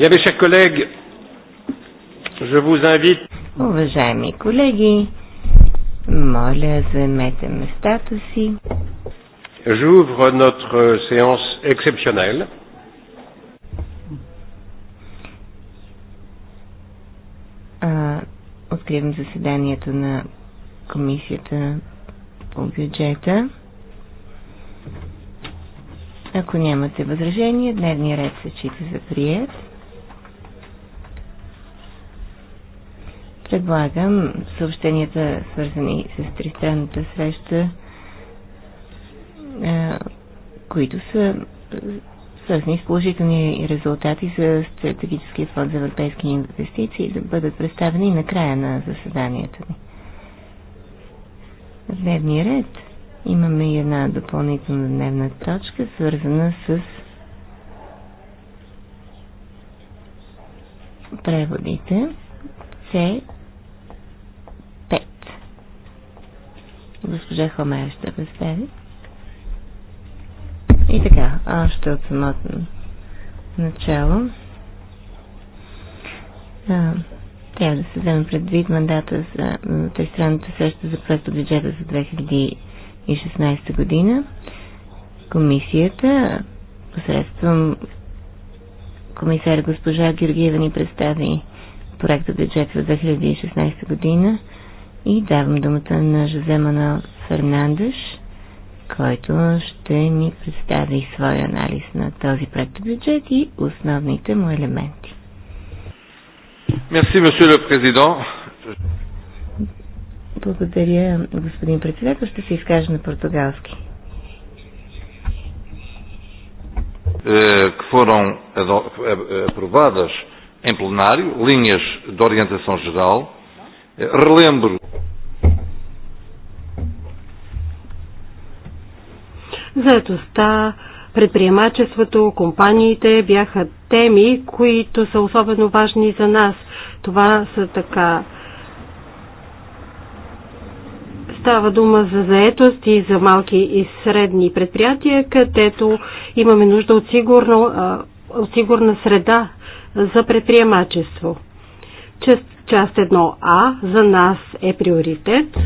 Bien, mes chers collègues, je vous invite. Уважаеми колеги, моля, заемете местата си. J'ouvre notre séance exceptionnelle. откривам заседанието на комисията по бюджета. Ако нямате възражение, дневния ред се чита за прият. предлагам съобщенията, свързани с тристранната среща, които са свързани с положителни резултати за стратегическия фонд за европейски инвестиции, да бъдат представени на края на заседанието ни. В дневния ред имаме и една допълнителна дневна точка, свързана с преводите. С Госпожа Хомер ще представи. И така, още от самото начало. А, трябва да се вземе предвид мандата за тристранната среща за проекта бюджета за 2016 година. Комисията посредством комисар госпожа Георгиева ни представи проекта бюджет за 2016 година. И давам думата на Жозе Манал Фернандеш, който ще ни представи свой анализ на този проект бюджет и основните му елементи. Мерси, месье президент. Благодаря, господин председател. Ще се изкажа на португалски. que foram aprovadas em plenário, linhas de orientação geral. Relembro. заедостта, предприемачеството, компаниите бяха теми, които са особено важни за нас. Това са така. Става дума за заетост и за малки и средни предприятия, където имаме нужда от, сигурно, от сигурна среда за предприемачество. Част, част 1А за нас е приоритет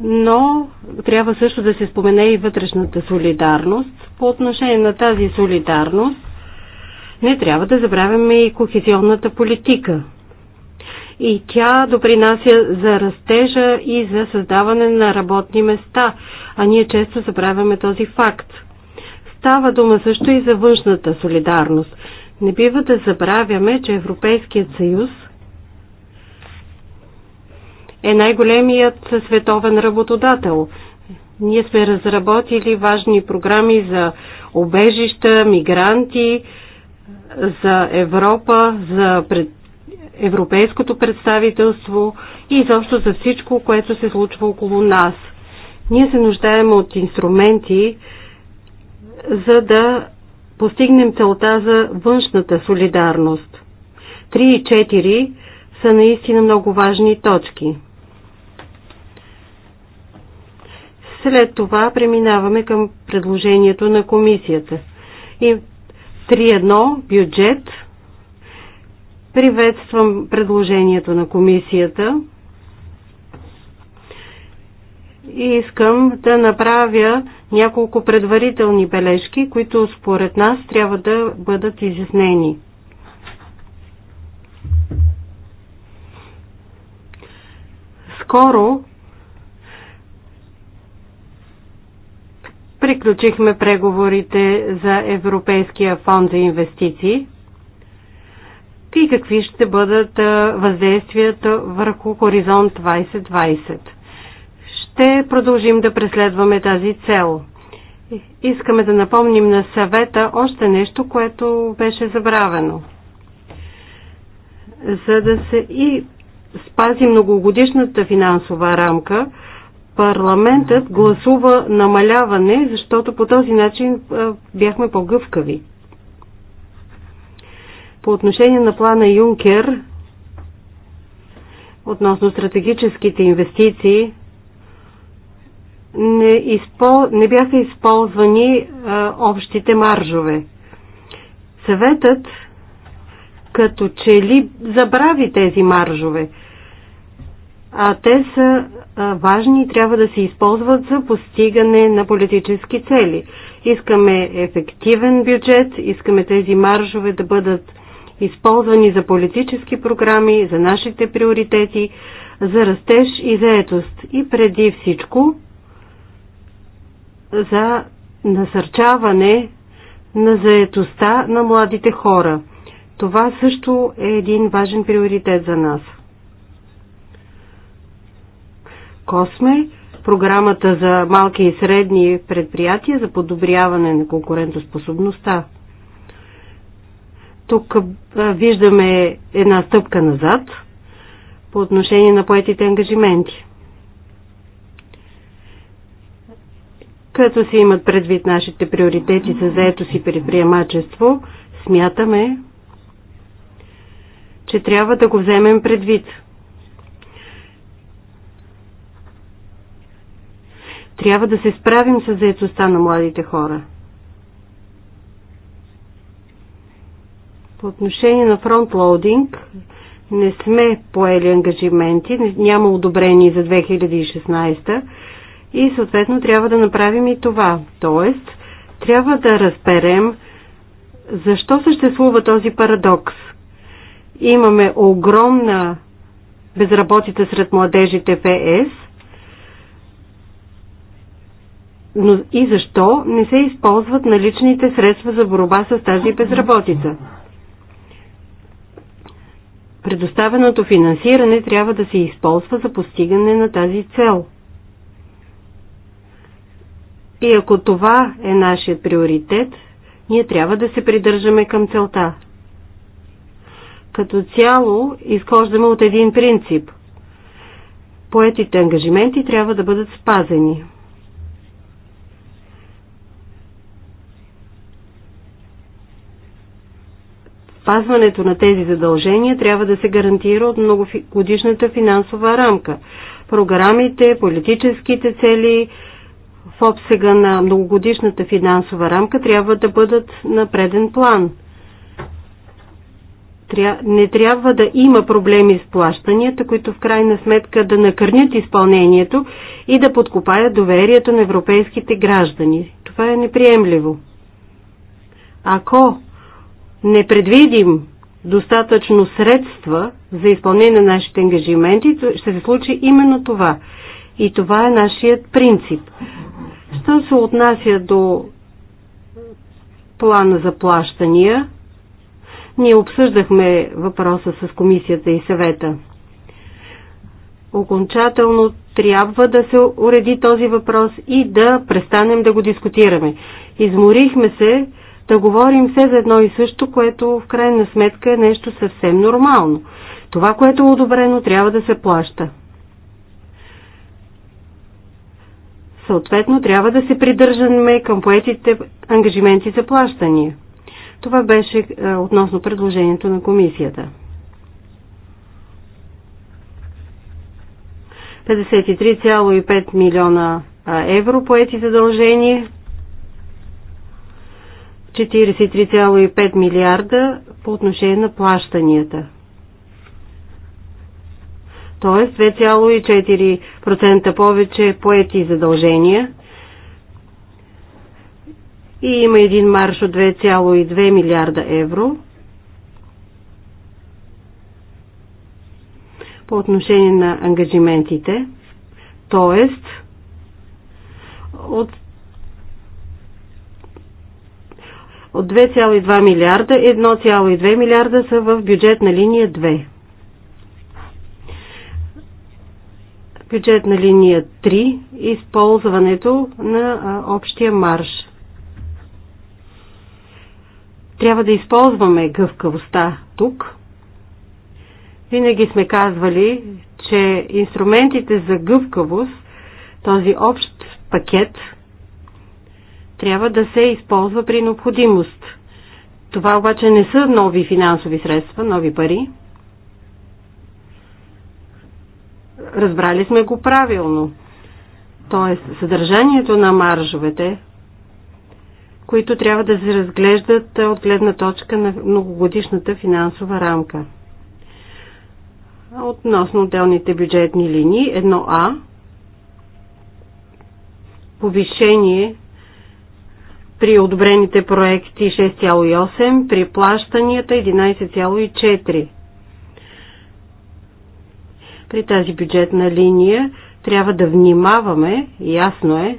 но трябва също да се спомене и вътрешната солидарност. По отношение на тази солидарност не трябва да забравяме и кохезионната политика. И тя допринася за растежа и за създаване на работни места, а ние често забравяме този факт. Става дума също и за външната солидарност. Не бива да забравяме, че Европейският съюз – е най-големият световен работодател. Ние сме разработили важни програми за обежища, мигранти, за Европа, за пред... европейското представителство и изобщо за всичко, което се случва около нас. Ние се нуждаем от инструменти, за да постигнем целта за външната солидарност. 3 и 4 са наистина много важни точки. След това преминаваме към предложението на комисията. И 3.1 бюджет. Приветствам предложението на комисията. И искам да направя няколко предварителни бележки, които според нас трябва да бъдат изяснени. Скоро приключихме преговорите за Европейския фонд за инвестиции и какви ще бъдат въздействията върху Хоризонт 2020. Ще продължим да преследваме тази цел. Искаме да напомним на съвета още нещо, което беше забравено. За да се и спази многогодишната финансова рамка, парламентът гласува намаляване, защото по този начин бяхме по-гъвкави. По отношение на плана Юнкер, относно стратегическите инвестиции, не, изпол... не бяха използвани а, общите маржове. Съветът като че ли забрави тези маржове а те са важни и трябва да се използват за постигане на политически цели. Искаме ефективен бюджет, искаме тези маржове да бъдат използвани за политически програми, за нашите приоритети, за растеж и заетост и преди всичко за насърчаване на заетостта на младите хора. Това също е един важен приоритет за нас. Косме, програмата за малки и средни предприятия за подобряване на конкурентоспособността. Тук виждаме една стъпка назад по отношение на поетите ангажименти. Като се имат предвид нашите приоритети за заето си предприемачество, смятаме, че трябва да го вземем предвид – Трябва да се справим с заедостта на младите хора. По отношение на фронтлоудинг, не сме поели ангажименти, няма одобрени за 2016 и съответно трябва да направим и това. Тоест, трябва да разберем защо съществува този парадокс. Имаме огромна безработица сред младежите в ЕС – но и защо не се използват наличните средства за борба с тази безработица? Предоставеното финансиране трябва да се използва за постигане на тази цел. И ако това е нашият приоритет, ние трябва да се придържаме към целта. Като цяло изхождаме от един принцип. Поетите ангажименти трябва да бъдат спазени. Спазването на тези задължения трябва да се гарантира от многогодишната финансова рамка. Програмите, политическите цели в обсега на многогодишната финансова рамка трябва да бъдат на преден план. Не трябва да има проблеми с плащанията, които в крайна сметка да накърнят изпълнението и да подкопаят доверието на европейските граждани. Това е неприемливо. Ако не предвидим достатъчно средства за изпълнение на нашите ангажименти, ще се случи именно това. И това е нашият принцип. Що се отнася до плана за плащания, ние обсъждахме въпроса с комисията и съвета. Окончателно трябва да се уреди този въпрос и да престанем да го дискутираме. Изморихме се да говорим все за едно и също, което в крайна сметка е нещо съвсем нормално. Това, което е одобрено, трябва да се плаща. Съответно, трябва да се придържаме към поетите ангажименти за плащания. Това беше е, относно предложението на комисията. 53,5 милиона евро поети задължение 43,5 милиарда по отношение на плащанията. Тоест 2,4% повече поети задължения и има един марш от 2,2 милиарда евро. По отношение на ангажиментите, Тоест, от От 2,2 милиарда 1,2 милиарда са в бюджет на линия 2. Бюджет на линия 3 използването на а, общия марш. Трябва да използваме гъвкавостта тук. Винаги сме казвали, че инструментите за гъвкавост, този общ пакет, трябва да се използва при необходимост. Това обаче не са нови финансови средства, нови пари. Разбрали сме го правилно. Тоест, съдържанието на маржовете, които трябва да се разглеждат от гледна точка на многогодишната финансова рамка. Относно отделните бюджетни линии, 1А, повишение при одобрените проекти 6,8, при плащанията 11,4. При тази бюджетна линия трябва да внимаваме, ясно е,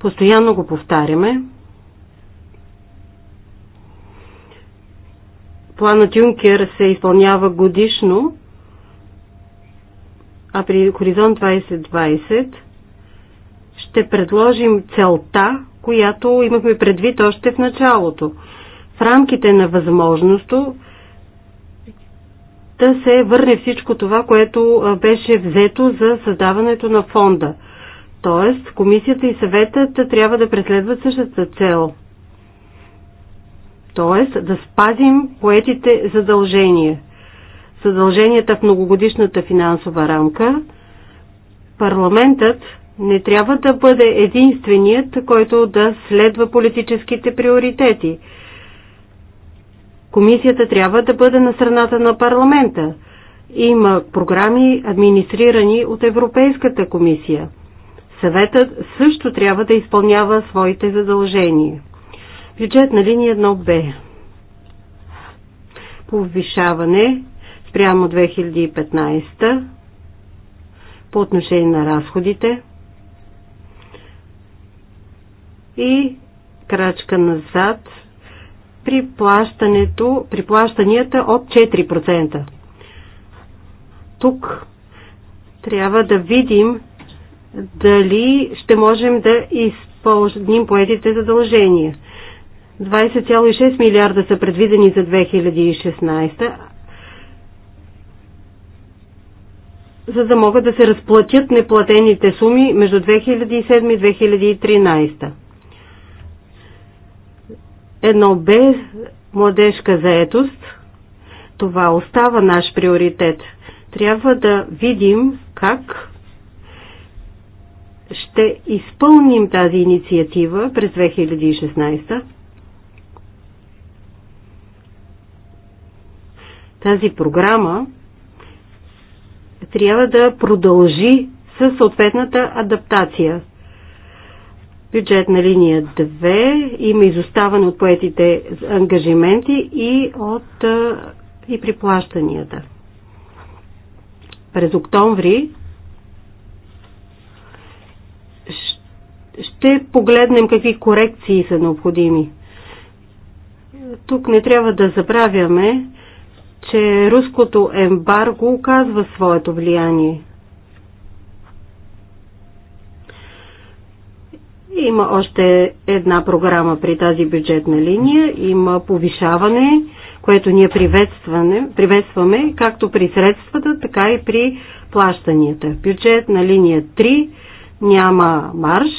постоянно го повтаряме. Планът Юнкер се изпълнява годишно, а при Хоризонт 2020 ще предложим целта която имахме предвид още в началото. В рамките на възможното да се върне всичко това, което беше взето за създаването на фонда. Тоест, комисията и съветът трябва да преследват същата цел. Тоест, да спазим поетите задължения. Задълженията в многогодишната финансова рамка, парламентът не трябва да бъде единственият, който да следва политическите приоритети. Комисията трябва да бъде на страната на парламента. Има програми, администрирани от Европейската комисия. Съветът също трябва да изпълнява своите задължения. Бюджет на линия 1Б. Повишаване спрямо 2015 по отношение на разходите – и крачка назад при, плащането, при плащанията от 4%. Тук трябва да видим дали ще можем да изпълним поетите задължения. 20,6 милиарда са предвидени за 2016, за да могат да се разплатят неплатените суми между 2007 и 2013 едно без младежка заетост. Това остава наш приоритет. Трябва да видим как ще изпълним тази инициатива през 2016. Тази програма трябва да продължи със съответната адаптация бюджетна линия 2 има изоставане от поетите ангажименти и, от, и при плащанията. През октомври ще погледнем какви корекции са необходими. Тук не трябва да забравяме, че руското ембарго оказва своето влияние – Има още една програма при тази бюджетна линия. Има повишаване, което ние приветстваме, както при средствата, така и при плащанията. Бюджет на линия 3 няма марш.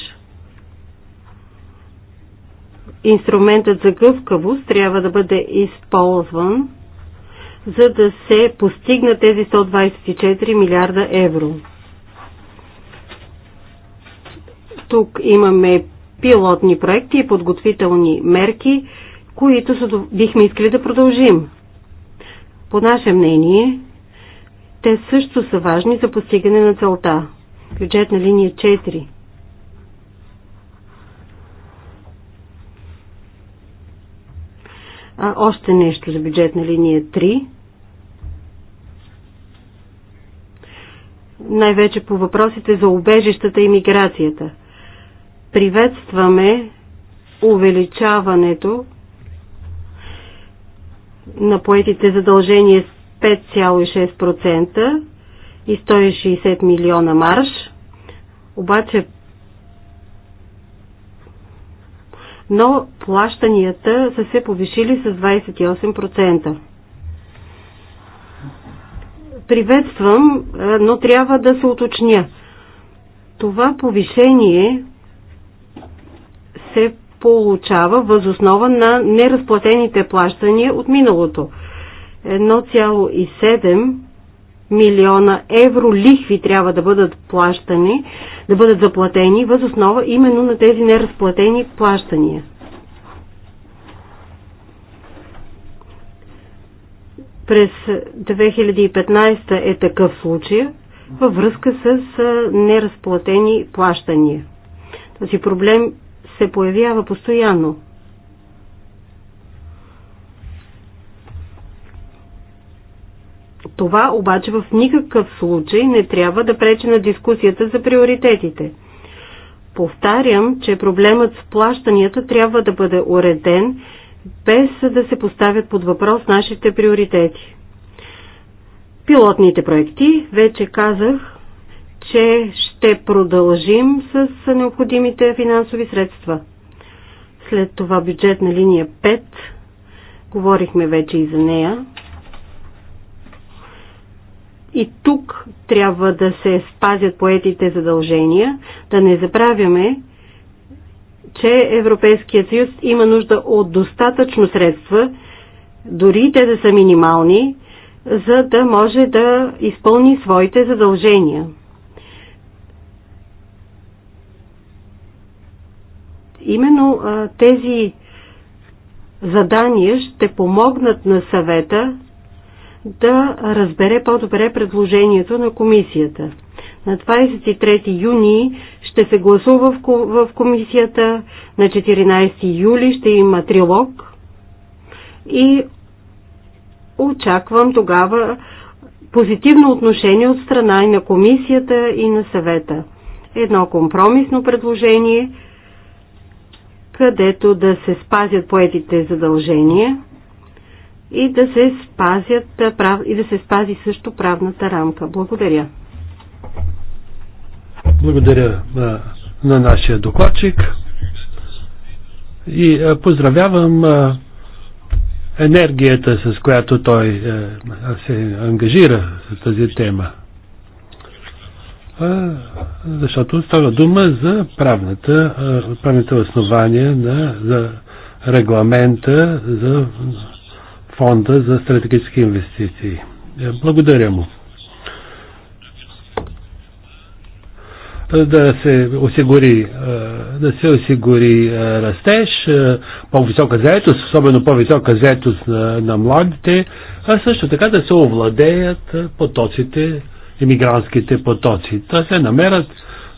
Инструментът за гъвкавост трябва да бъде използван, за да се постигна тези 124 милиарда евро. Тук имаме пилотни проекти и подготвителни мерки, които бихме искали да продължим. По наше мнение, те също са важни за постигане на целта. Бюджетна линия 4. А, още нещо за бюджетна линия 3. Най-вече по въпросите за убежищата и миграцията – приветстваме увеличаването на поетите задължения с 5,6% и 160 милиона марш. Обаче но плащанията са се повишили с 28%. Приветствам, е, но трябва да се уточня. Това повишение се получава възоснова на неразплатените плащания от миналото. 1,7 милиона евро лихви трябва да бъдат плащани, да бъдат заплатени възоснова именно на тези неразплатени плащания. През 2015 е такъв случай във връзка с неразплатени плащания. Този проблем се появява постоянно. Това обаче в никакъв случай не трябва да пречи на дискусията за приоритетите. Повтарям, че проблемът с плащанията трябва да бъде уреден, без да се поставят под въпрос нашите приоритети. Пилотните проекти, вече казах, че ще продължим с необходимите финансови средства. След това бюджет на линия 5, говорихме вече и за нея. И тук трябва да се спазят поетите задължения, да не забравяме, че Европейският съюз има нужда от достатъчно средства, дори те да са минимални, за да може да изпълни своите задължения. Именно тези задания ще помогнат на съвета да разбере по-добре предложението на комисията. На 23 юни ще се гласува в комисията, на 14 юли ще има трилог и очаквам тогава позитивно отношение от страна и на комисията и на съвета. Едно компромисно предложение – където да се спазят поетите задължения и да се, спазят, прав... и да се спази също правната рамка. Благодаря. Благодаря на, на нашия докладчик и а, поздравявам а, енергията, с която той а, се ангажира с тази тема защото става дума за правната, правните основания на, за регламента за фонда за стратегически инвестиции. Е, благодаря му. да се осигури, да се осигури растеж, по-висока заетост, особено по-висока заетост на, на младите, а също така да се овладеят потоците емигрантските потоци. Та се намерят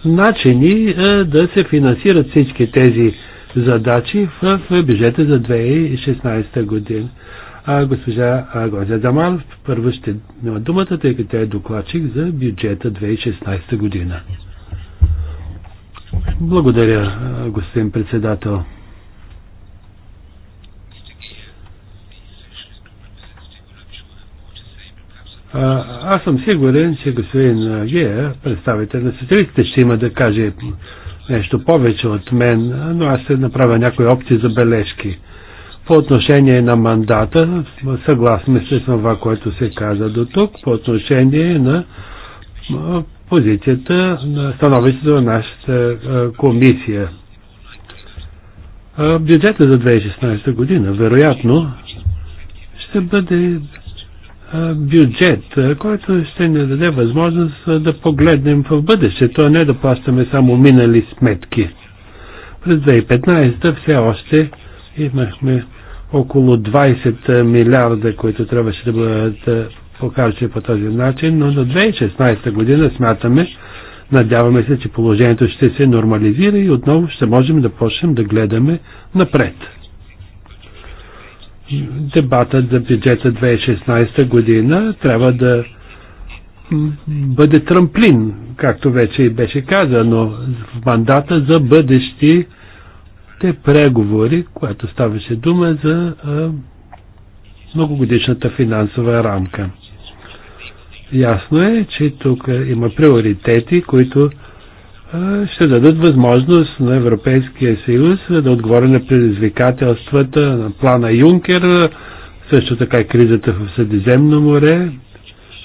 начини е, да се финансират всички тези задачи в бюджета за 2016 година. А госпожа Гозя Даман първо ще има думата, тъй като е докладчик за бюджета 2016 година. Благодаря, е, господин председател. А, аз съм сигурен, че господин Гея, представител на социалистите, ще има да каже нещо повече от мен, но аз ще направя някои опции за бележки. По отношение на мандата, съгласни с това, което се каза до тук, по отношение на позицията на становището на нашата комисия. Бюджета за 2016 година, вероятно, ще бъде бюджет, който ще ни даде възможност да погледнем в бъдещето, а не да плащаме само минали сметки. През 2015 все още имахме около 20 милиарда, които трябваше да бъдат похарчени по този начин, но до 2016 година смятаме, надяваме се, че положението ще се нормализира и отново ще можем да почнем да гледаме напред дебатът за бюджета 2016 година трябва да бъде трамплин, както вече и беше казано, в мандата за бъдещи те преговори, което ставаше дума за а, многогодишната финансова рамка. Ясно е, че тук има приоритети, които ще дадат възможност на Европейския съюз да отговори на предизвикателствата на плана Юнкер, също така и кризата в Средиземно море,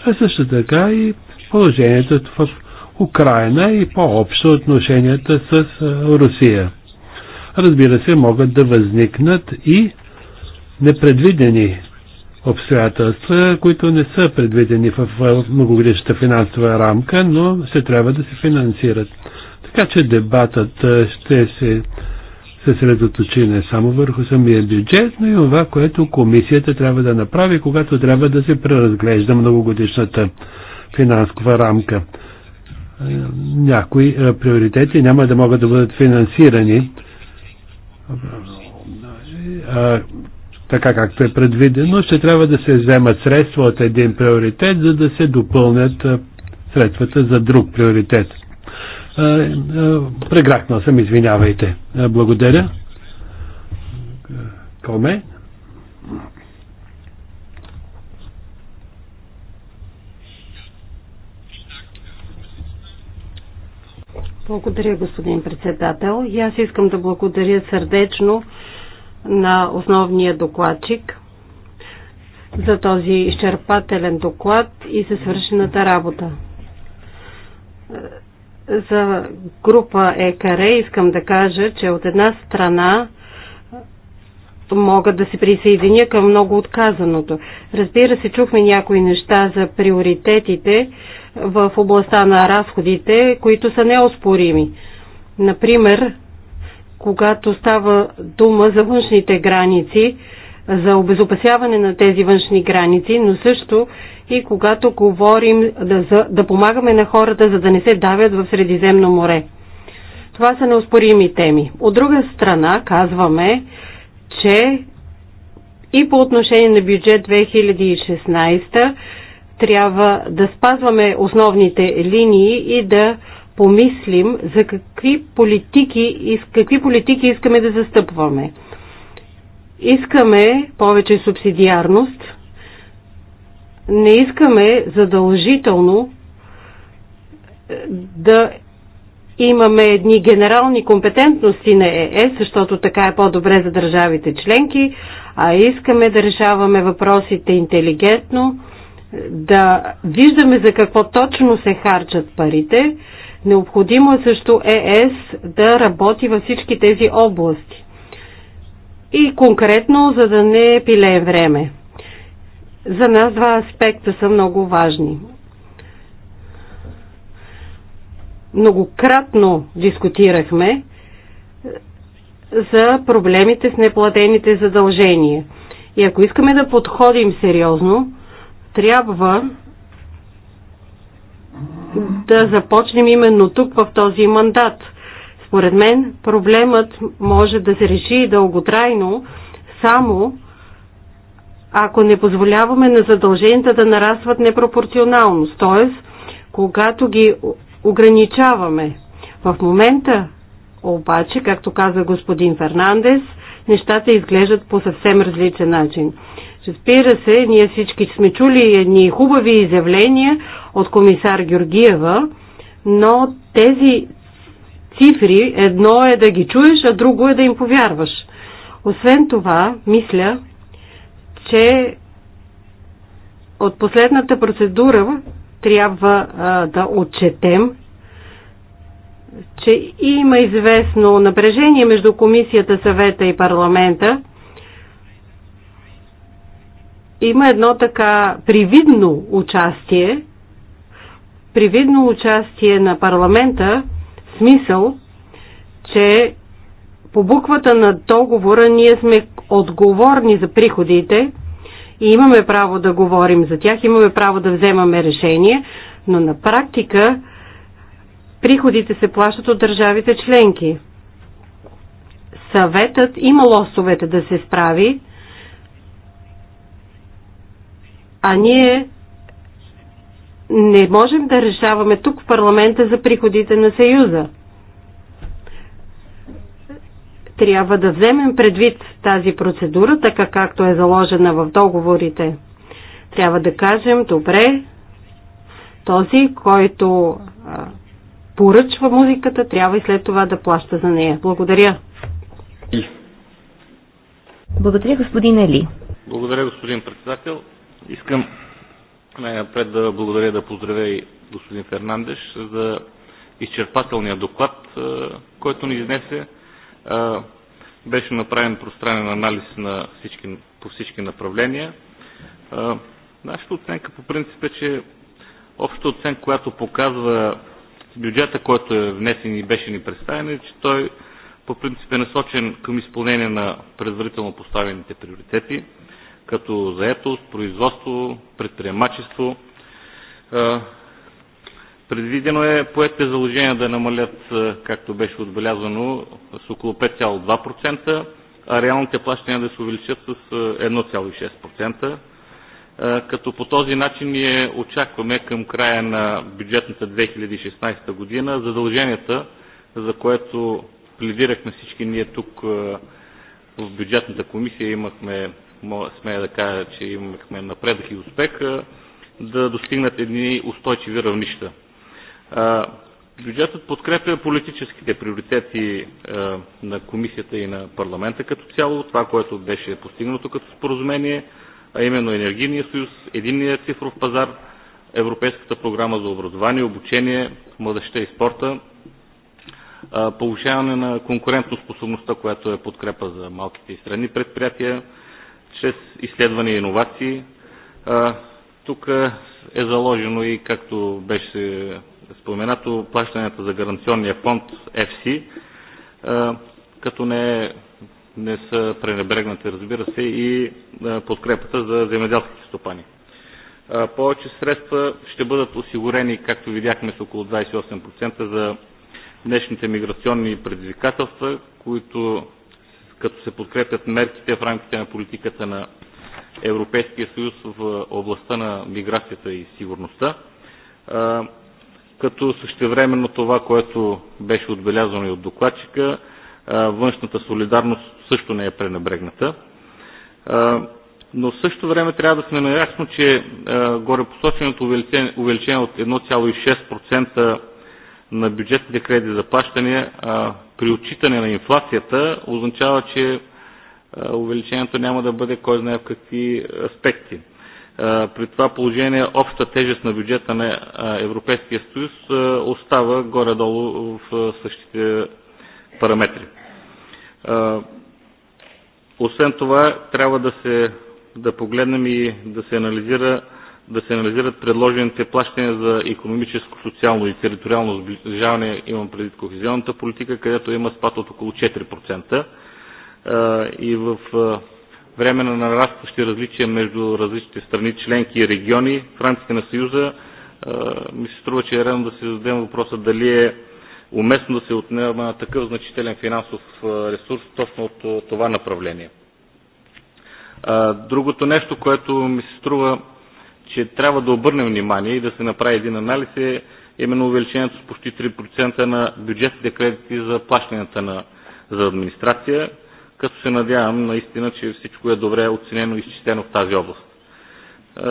а също така и положението в Украина и по-общо отношенията с Русия. Разбира се, могат да възникнат и непредвидени обстоятелства, които не са предвидени в многогодишната финансова рамка, но се трябва да се финансират. Така че дебатът е, ще се съсредоточи не само върху самия бюджет, но и това, което комисията трябва да направи, когато трябва да се преразглежда многогодишната финансова рамка. Е, някои е, приоритети няма да могат да бъдат финансирани така както е предвидено, ще трябва да се вземат средства от един приоритет, за да се допълнят средствата за друг приоритет. Прегракнал съм, извинявайте. Благодаря. Коме? Благодаря, господин председател. И аз искам да благодаря сърдечно на основния докладчик за този изчерпателен доклад и за свършената работа. За група ЕКАРЕ искам да кажа, че от една страна мога да се присъединя към много отказаното. Разбира се, чухме някои неща за приоритетите в областта на разходите, които са неоспорими. Например, когато става дума за външните граници, за обезопасяване на тези външни граници, но също и когато говорим да, за, да помагаме на хората, за да не се давят в Средиземно море. Това са неоспорими теми. От друга страна казваме, че и по отношение на бюджет 2016 трябва да спазваме основните линии и да помислим за какви политики, какви политики искаме да застъпваме. Искаме повече субсидиарност, не искаме задължително е, да имаме едни генерални компетентности на ЕС, защото така е по-добре за държавите членки, а искаме да решаваме въпросите интелигентно, да виждаме за какво точно се харчат парите, Необходимо е също ЕС да работи във всички тези области. И конкретно, за да не пилее време. За нас два аспекта са много важни. Многократно дискутирахме за проблемите с неплатените задължения. И ако искаме да подходим сериозно, трябва да започнем именно тук в този мандат. Според мен проблемът може да се реши дълготрайно само ако не позволяваме на задълженията да нарастват непропорционално, т.е. когато ги ограничаваме. В момента обаче, както каза господин Фернандес, нещата изглеждат по съвсем различен начин. Разбира се, ние всички сме чули едни хубави изявления от комисар Георгиева, но тези цифри, едно е да ги чуеш, а друго е да им повярваш. Освен това, мисля, че от последната процедура трябва а, да отчетем, че има известно напрежение между комисията, съвета и парламента – има едно така привидно участие, привидно участие на парламента, смисъл, че по буквата на договора ние сме отговорни за приходите и имаме право да говорим за тях, имаме право да вземаме решение, но на практика приходите се плащат от държавите членки. Съветът има лосовете да се справи, А ние не можем да решаваме тук в парламента за приходите на Съюза. Трябва да вземем предвид тази процедура, така както е заложена в договорите. Трябва да кажем, добре, този, който а, поръчва музиката, трябва и след това да плаща за нея. Благодаря. Благодаря, господин Ели. Благодаря, господин председател. Искам най-напред е, да благодаря да поздравя и господин Фернандеш за изчерпателния доклад, е, който ни изнесе. Е, беше направен пространен анализ на всички, по всички направления. Нашата оценка по принцип е, че общата оценка, която показва бюджета, който е внесен и беше ни представен, е, че той по принцип е насочен към изпълнение на предварително поставените приоритети като заетост, производство, предприемачество. Предвидено е поетите заложения да намалят, както беше отбелязано, с около 5,2%, а реалните плащания да се увеличат с 1,6% като по този начин ние очакваме към края на бюджетната 2016 година задълженията, за което пледирахме всички ние тук в бюджетната комисия, имахме смея да кажа, че имахме напредък и успех, да достигнат едни устойчиви равнища. Бюджетът подкрепя политическите приоритети на комисията и на парламента като цяло, това, което беше постигнато като споразумение, а именно Енергийния съюз, Единния цифров пазар, Европейската програма за образование, обучение, младеща и спорта, повишаване на конкурентоспособността, която е подкрепа за малките и средни предприятия, чрез изследвания и иновации. Тук е заложено и, както беше споменато, плащанията за гаранционния фонд FC, като не, не са пренебрегнати, разбира се, и подкрепата за земеделските стопани. Повече средства ще бъдат осигурени, както видяхме, с около 28% за днешните миграционни предизвикателства, които като се подкрепят мерките в рамките на политиката на Европейския съюз в областта на миграцията и сигурността. Като същевременно това, което беше отбелязано и от докладчика, външната солидарност също не е пренебрегната. Но в същото време трябва да сме наясно, че горе посоченото увеличение от 1,6% на бюджетните кредити за плащане при отчитане на инфлацията означава, че увеличението няма да бъде кой знае в какви аспекти. при това положение обща тежест на бюджета на Европейския съюз остава горе-долу в същите параметри. освен това, трябва да се да погледнем и да се анализира да се анализират предложените плащания за економическо, социално и териториално сближаване, имам предвид кохезионната политика, където има спад от около 4%. И в време на нарастващи различия между различните страни, членки и региони в рамките на Съюза, ми се струва, че е редно да се зададем въпроса дали е уместно да се отнема такъв значителен финансов ресурс точно от това направление. Другото нещо, което ми се струва че трябва да обърнем внимание и да се направи един анализ е именно увеличението с почти 3% на бюджетните кредити за плащанията за администрация, като се надявам наистина, че всичко е добре оценено и изчистено в тази област. Е,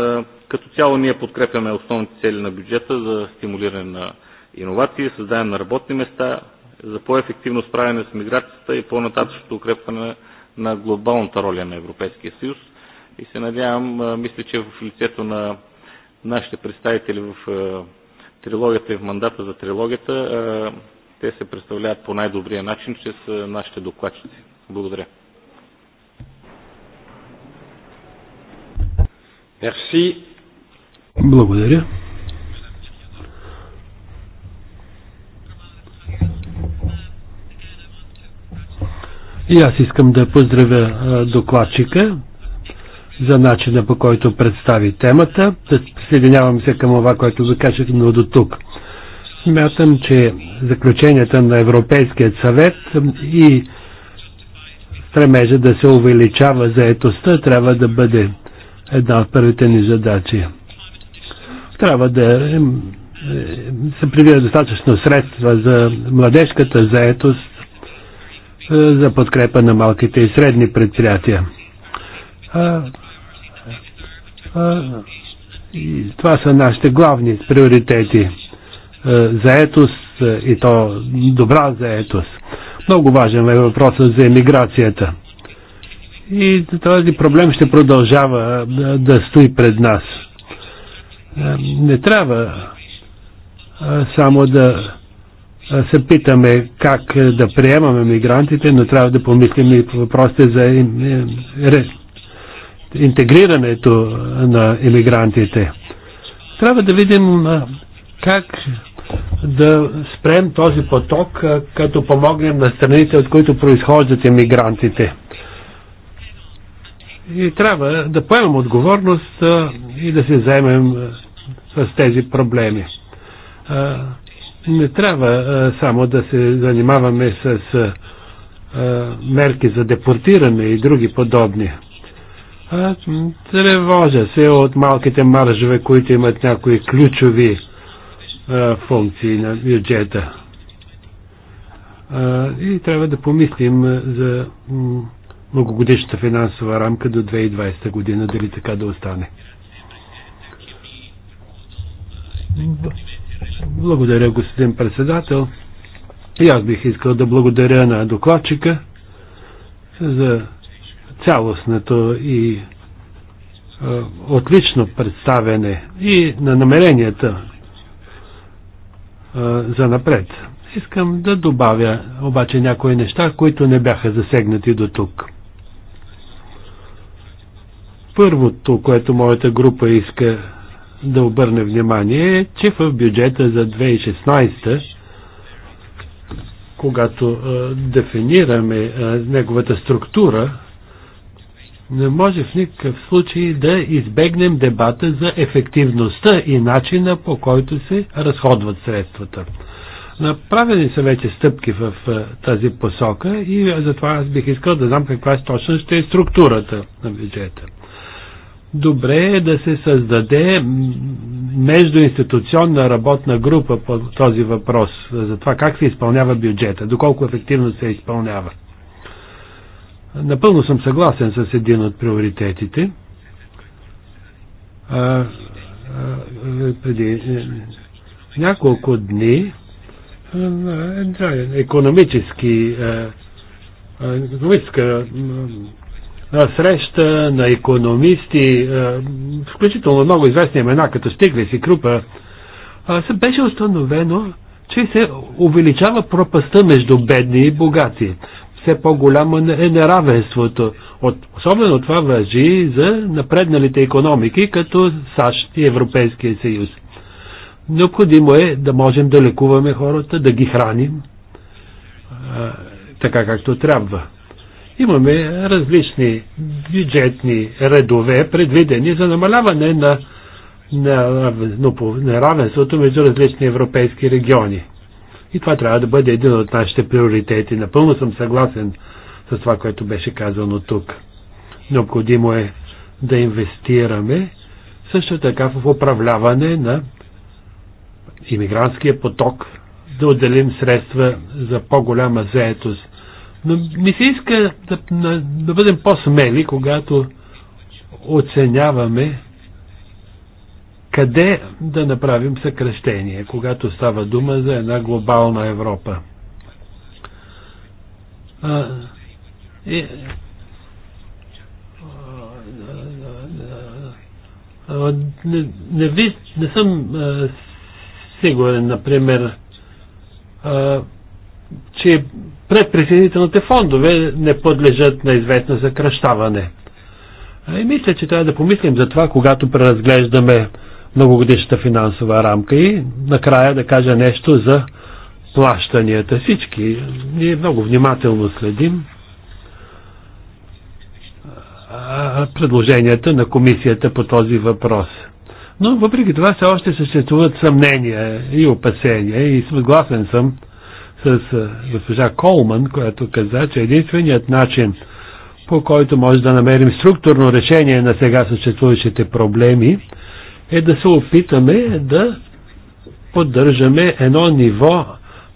като цяло ние подкрепяме основните цели на бюджета за стимулиране на иновации, създаване на работни места, за по-ефективно справяне с миграцията и по-нататъчното укрепване на глобалната роля на Европейския съюз, и се надявам, мисля, че в лицето на нашите представители в трилогията и в мандата за трилогията, те се представляват по най-добрия начин чрез нашите докладчици. Благодаря. Мерси. Благодаря. И аз искам да поздравя докладчика за начина по който представи темата. Съединявам се към това, което закачах, но до тук. Смятам, че заключенията на Европейският съвет и стремежа да се увеличава заетостта трябва да бъде една от първите ни задачи. Трябва да е, е, се предвидят достатъчно средства за младежката заетост, е, за подкрепа на малките и средни предприятия. И това са нашите главни приоритети. Заетост и то добра заетост. Много важен е въпросът за емиграцията. И този проблем ще продължава да стои пред нас. Не трябва само да се питаме как да приемаме мигрантите, но трябва да помислим и по въпросите за е, интегрирането на иммигрантите. Трябва да видим как да спрем този поток, като помогнем на страните, от които произхождат иммигрантите. И трябва да поемем отговорност и да се заемем с тези проблеми. Не трябва само да се занимаваме с мерки за депортиране и други подобни. Тревожа се от малките маржове, които имат някои ключови а, функции на бюджета. А, и трябва да помислим за многогодишната финансова рамка до 2020 година, дали така да остане. Благодаря, господин председател. И аз бих искал да благодаря на докладчика за цялостното и отлично представяне и на намеренията за напред. Искам да добавя обаче някои неща, които не бяха засегнати до тук. Първото, което моята група иска да обърне внимание е, че в бюджета за 2016, когато дефинираме неговата структура, не може в никакъв случай да избегнем дебата за ефективността и начина по който се разходват средствата. Направени са вече стъпки в тази посока и затова аз бих искал да знам каква точно ще е структурата на бюджета. Добре е да се създаде междуинституционна работна група по този въпрос, за това как се изпълнява бюджета, доколко ефективно се изпълнява. Напълно съм съгласен с един от приоритетите. А, а, преди е, няколко дни е, економически е, економическа среща на економисти, включително много известни имена, като Стиглес и Крупа, се беше установено, че се увеличава пропаста между бедни и богати все по-голямо е неравенството. От, особено това въжи за напредналите економики, като САЩ и Европейския съюз. Необходимо е да можем да лекуваме хората, да ги храним а, така както трябва. Имаме различни бюджетни редове, предвидени за намаляване на неравенството между различни европейски региони. И това трябва да бъде един от нашите приоритети. Напълно съм съгласен с това, което беше казано тук. Необходимо е да инвестираме също така в управляване на иммигрантския поток, да отделим средства за по-голяма заетост. Но ми се иска да, да бъдем по-смели, когато оценяваме къде да направим съкръщение, когато става дума за една глобална Европа. А, не, не, ви, не съм а, сигурен, например, а, че предприсъединителните фондове не подлежат на известно съкръщаване. И мисля, че трябва да помислим за това, когато преразглеждаме многогодишната финансова рамка. И накрая да кажа нещо за плащанията. Всички ние много внимателно следим предложенията на комисията по този въпрос. Но въпреки това все още съществуват съмнения и опасения и съгласен съм с госпожа Колман, която каза, че единственият начин по който може да намерим структурно решение на сега съществуващите проблеми е да се опитаме да поддържаме едно ниво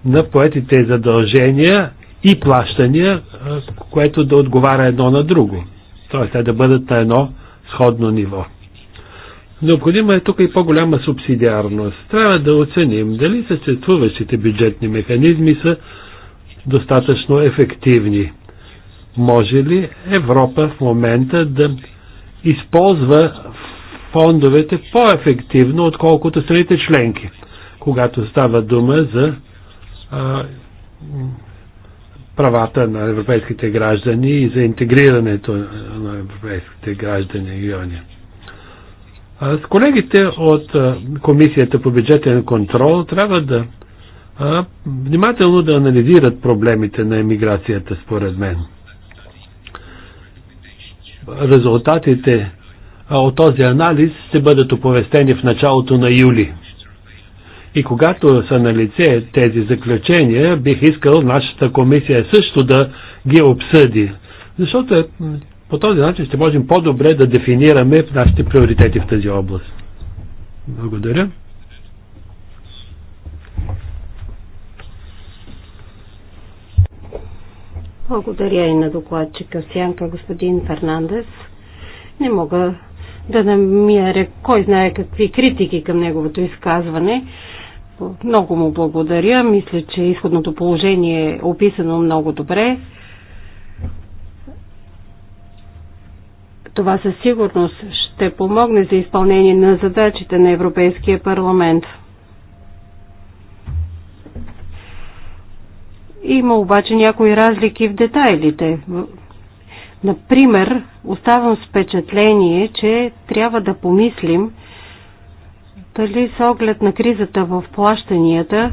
на поетите задължения и плащания, което да отговаря едно на друго. Тоест да бъдат на едно сходно ниво. Необходима е тук и по-голяма субсидиарност. Трябва да оценим дали съществуващите бюджетни механизми са достатъчно ефективни. Може ли Европа в момента да използва фондовете по-ефективно, отколкото страните членки, когато става дума за а, правата на европейските граждани и за интегрирането на европейските граждани и региони. С колегите от Комисията по бюджетен контрол трябва да а, внимателно да анализират проблемите на емиграцията, според мен. Резултатите от този анализ ще бъдат оповестени в началото на юли. И когато са на лице тези заключения, бих искал нашата комисия също да ги обсъди. Защото е, по този начин ще можем по-добре да дефинираме нашите приоритети в тази област. Благодаря. Благодаря и на докладчика Сянка господин Фернандес. Не мога да намиря кой знае какви критики към неговото изказване. Много му благодаря. Мисля, че изходното положение е описано много добре. Това със сигурност ще помогне за изпълнение на задачите на Европейския парламент. Има обаче някои разлики в детайлите. Например, оставам с впечатление, че трябва да помислим дали с оглед на кризата в плащанията,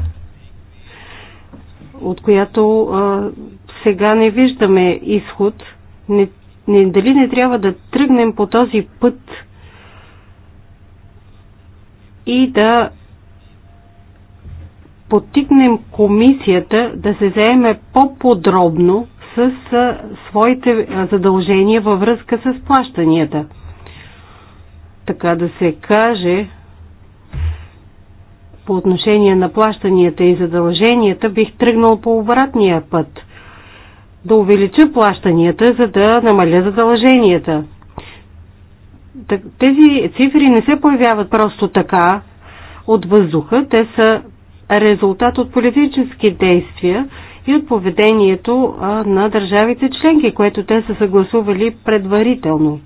от която а, сега не виждаме изход, не, не, дали не трябва да тръгнем по този път и да подтикнем комисията да се заеме по-подробно с своите задължения във връзка с плащанията. Така да се каже, по отношение на плащанията и задълженията бих тръгнал по обратния път. Да увелича плащанията, за да намаля задълженията. Тези цифри не се появяват просто така от въздуха, те са резултат от политически действия, и от поведението на държавите членки, което те са съгласували предварително.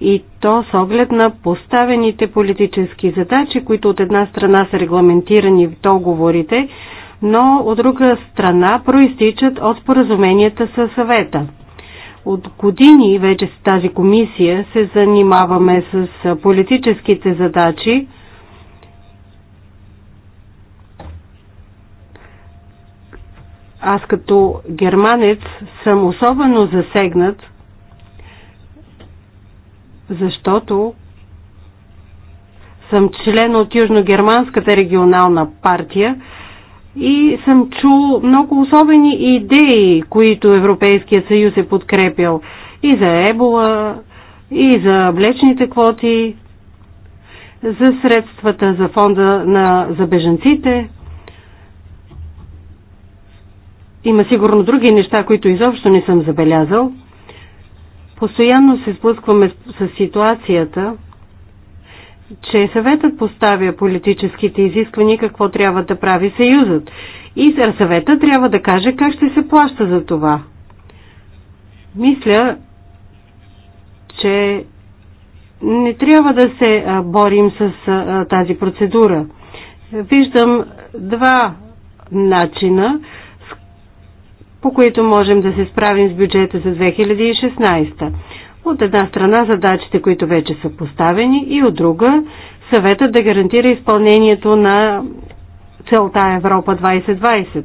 И то с оглед на поставените политически задачи, които от една страна са регламентирани в договорите, но от друга страна проистичат от споразуменията със съвета. От години вече с тази комисия се занимаваме с политическите задачи, Аз като германец съм особено засегнат, защото съм член от Южногерманската регионална партия и съм чул много особени идеи, които Европейският съюз е подкрепил и за ебола, и за млечните квоти, за средствата за фонда на, забеженците. Има сигурно други неща, които изобщо не съм забелязал. Постоянно се сблъскваме с ситуацията, че съветът поставя политическите изисквания какво трябва да прави съюзът. И съвета трябва да каже как ще се плаща за това. Мисля, че не трябва да се борим с тази процедура. Виждам два начина, по които можем да се справим с бюджета за 2016. От една страна задачите, които вече са поставени и от друга съветът да гарантира изпълнението на целта Европа 2020.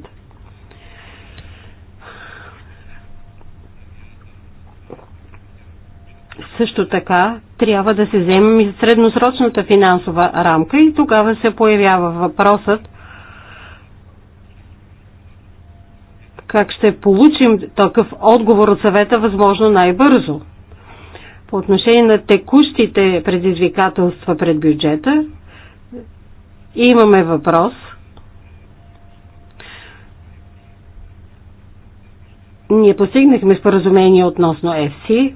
Също така трябва да се вземем и средносрочната финансова рамка и тогава се появява въпросът как ще получим такъв отговор от съвета възможно най-бързо. По отношение на текущите предизвикателства пред бюджета, имаме въпрос. Ние постигнахме споразумение относно ЕФСИ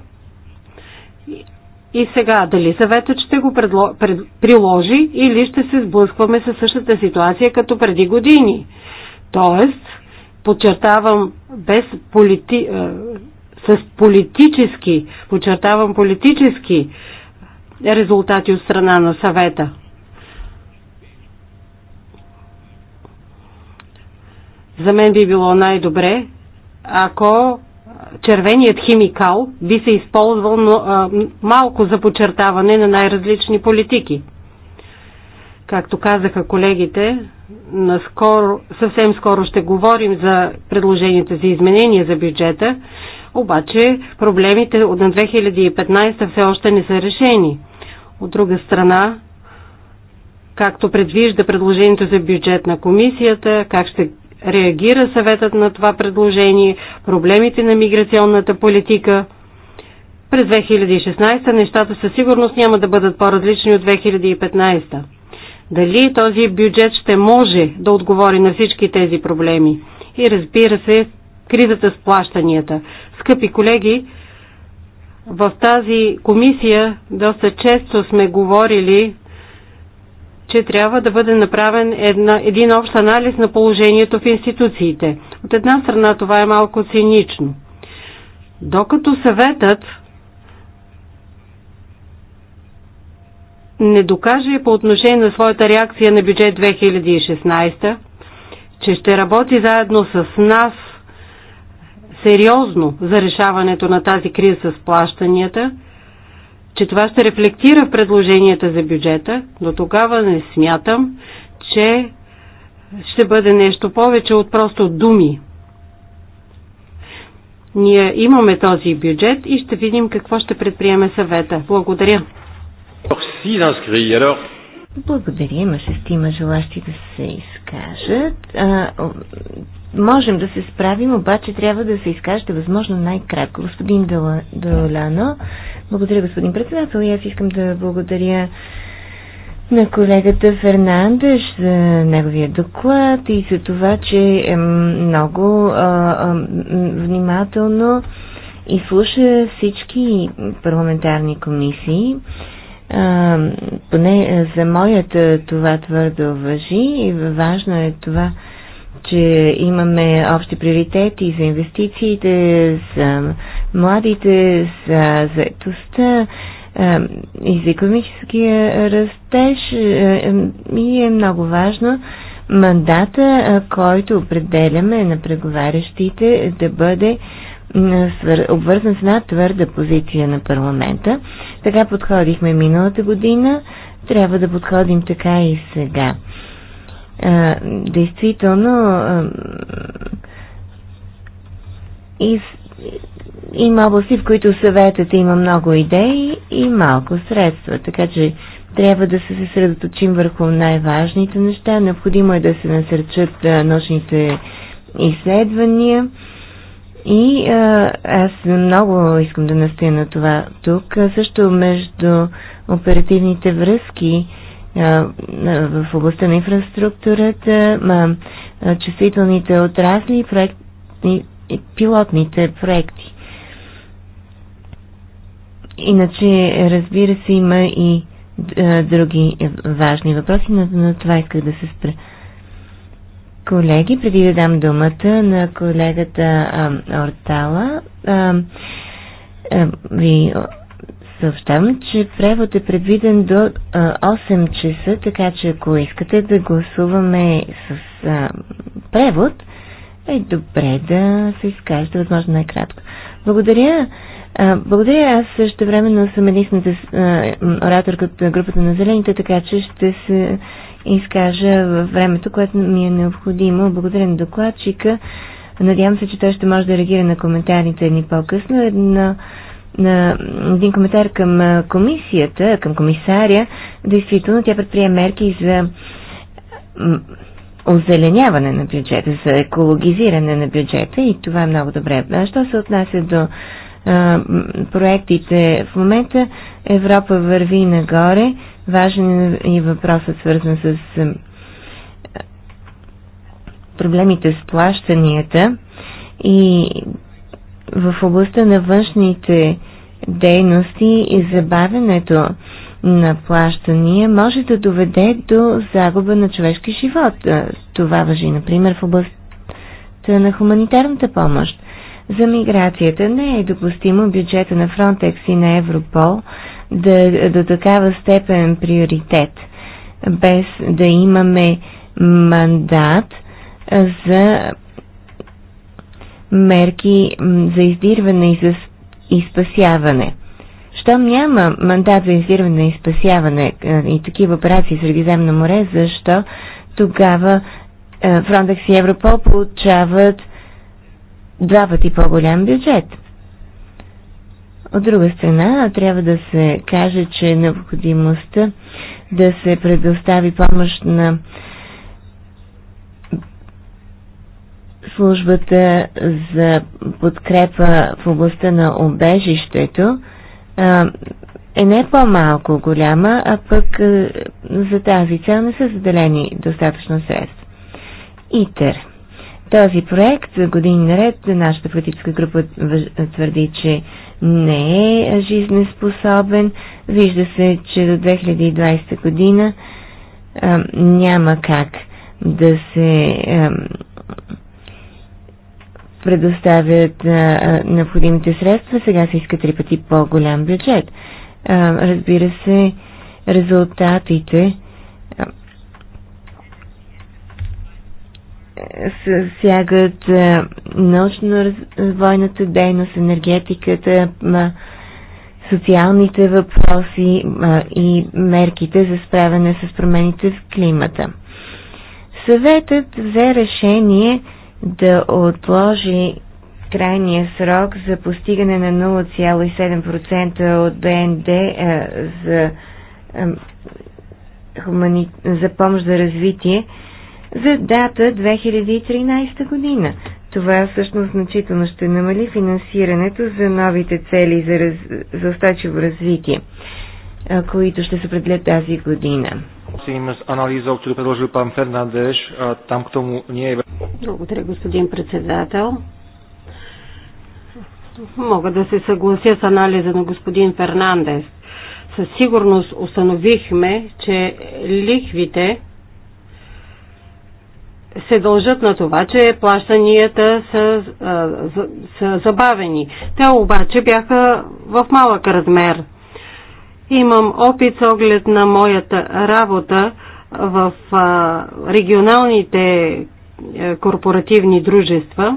и сега дали съветът ще го предло... пред... приложи или ще се сблъскваме със същата ситуация като преди години. Тоест, подчертавам без полити, е, с политически, подчертавам политически резултати от страна на съвета. За мен би било най-добре, ако червеният химикал би се използвал но, а, е, малко за подчертаване на най-различни политики. Както казаха колегите, наскоро, съвсем скоро ще говорим за предложенията за изменения за бюджета, обаче проблемите от 2015 все още не са решени. От друга страна, както предвижда предложението за бюджет на комисията, как ще реагира съветът на това предложение, проблемите на миграционната политика. През 2016 нещата със сигурност няма да бъдат по-различни от 2015. Дали този бюджет ще може да отговори на всички тези проблеми? И разбира се, кризата с плащанията. Скъпи колеги, в тази комисия доста често сме говорили, че трябва да бъде направен една, един общ анализ на положението в институциите. От една страна това е малко цинично. Докато съветът не докаже по отношение на своята реакция на бюджет 2016, че ще работи заедно с нас сериозно за решаването на тази криза с плащанията, че това ще рефлектира в предложенията за бюджета, но тогава не смятам, че ще бъде нещо повече от просто думи. Ние имаме този бюджет и ще видим какво ще предприеме съвета. Благодаря. 6 ще Alors... Благодаря. Има желащи да се изкажат. А, можем да се справим, обаче трябва да се изкажете възможно най-кратко. Господин Доляно, благодаря господин председател и аз искам да благодаря на колегата Фернандеш за неговия доклад и за това, че е много а, а, внимателно изслуша всички парламентарни комисии а, поне за моята това твърдо въжи и важно е това, че имаме общи приоритети за инвестициите, за младите, за заетостта и за економическия растеж и е много важно мандата, който определяме на преговарящите да бъде обвързан с една твърда позиция на парламента. Така подходихме миналата година, трябва да подходим така и сега. А, действително, а, и, има области, в които съветът има много идеи и малко средства, така че трябва да се съсредоточим върху най-важните неща. Необходимо е да се насърчат научните изследвания и а, аз много искам да настоя на това тук. Също между оперативните връзки а, в областта на инфраструктурата, а, а, чувствителните отрасли проект, и, и пилотните проекти. Иначе, разбира се, има и а, други важни въпроси, но на това исках да се спра. Колеги, преди да дам думата на колегата Ортала, ви съобщавам, че превод е предвиден до 8 часа, така че ако искате да гласуваме с превод, е добре да се изкажете възможно най-кратко. Благодаря. Благодаря. Аз също времено съм единствената ораторка от групата на зелените, така че ще се изкажа във времето, което ми е необходимо. Благодаря на докладчика. Надявам се, че той ще може да реагира на коментарите ни по-късно. Едно на един коментар към комисията, към комисаря, действително тя предприе мерки за озеленяване на бюджета, за екологизиране на бюджета и това е много добре. А що се отнася до а, проектите в момента, Европа върви нагоре, Важен е и въпросът свързан с проблемите с плащанията и в областта на външните дейности и забавянето на плащания може да доведе до загуба на човешки живот. Това въжи, например, в областта на хуманитарната помощ. За миграцията не е допустимо бюджета на Frontex и на Европол да, до такава степен приоритет, без да имаме мандат за мерки за издирване и за и спасяване. Щом няма мандат за издирване и спасяване е, и такива операции в Средиземно море, защо тогава е, Фронтекс и Европол получават два пъти по-голям бюджет? От друга страна, трябва да се каже, че е необходимостта да се предостави помощ на службата за подкрепа в областта на обежището е не по-малко голяма, а пък е, за тази цел не са заделени достатъчно средства. ИТЕР този проект години наред нашата политическа група твърди, че не е жизнеспособен. Вижда се, че до 2020 година а, няма как да се а, предоставят а, необходимите средства. Сега се иска три пъти по-голям бюджет. А, разбира се, резултатите сягат научно-развойната дейност, енергетиката, социалните въпроси и мерките за справяне с промените в климата. Съветът взе решение да отложи крайния срок за постигане на 0,7% от БНД за, за помощ за развитие за дата 2013 година. Това всъщност значително ще намали финансирането за новите цели за, раз... за устойчиво развитие, които ще се определят тази година. анализа, предложил пан Фернандеш, там к тому ние е- Благодаря, господин председател. Мога да се съглася с анализа на господин Фернандес. Със сигурност установихме, че лихвите се дължат на това, че плащанията са, а, са забавени. Те обаче бяха в малък размер. Имам опит с оглед на моята работа в а, регионалните корпоративни дружества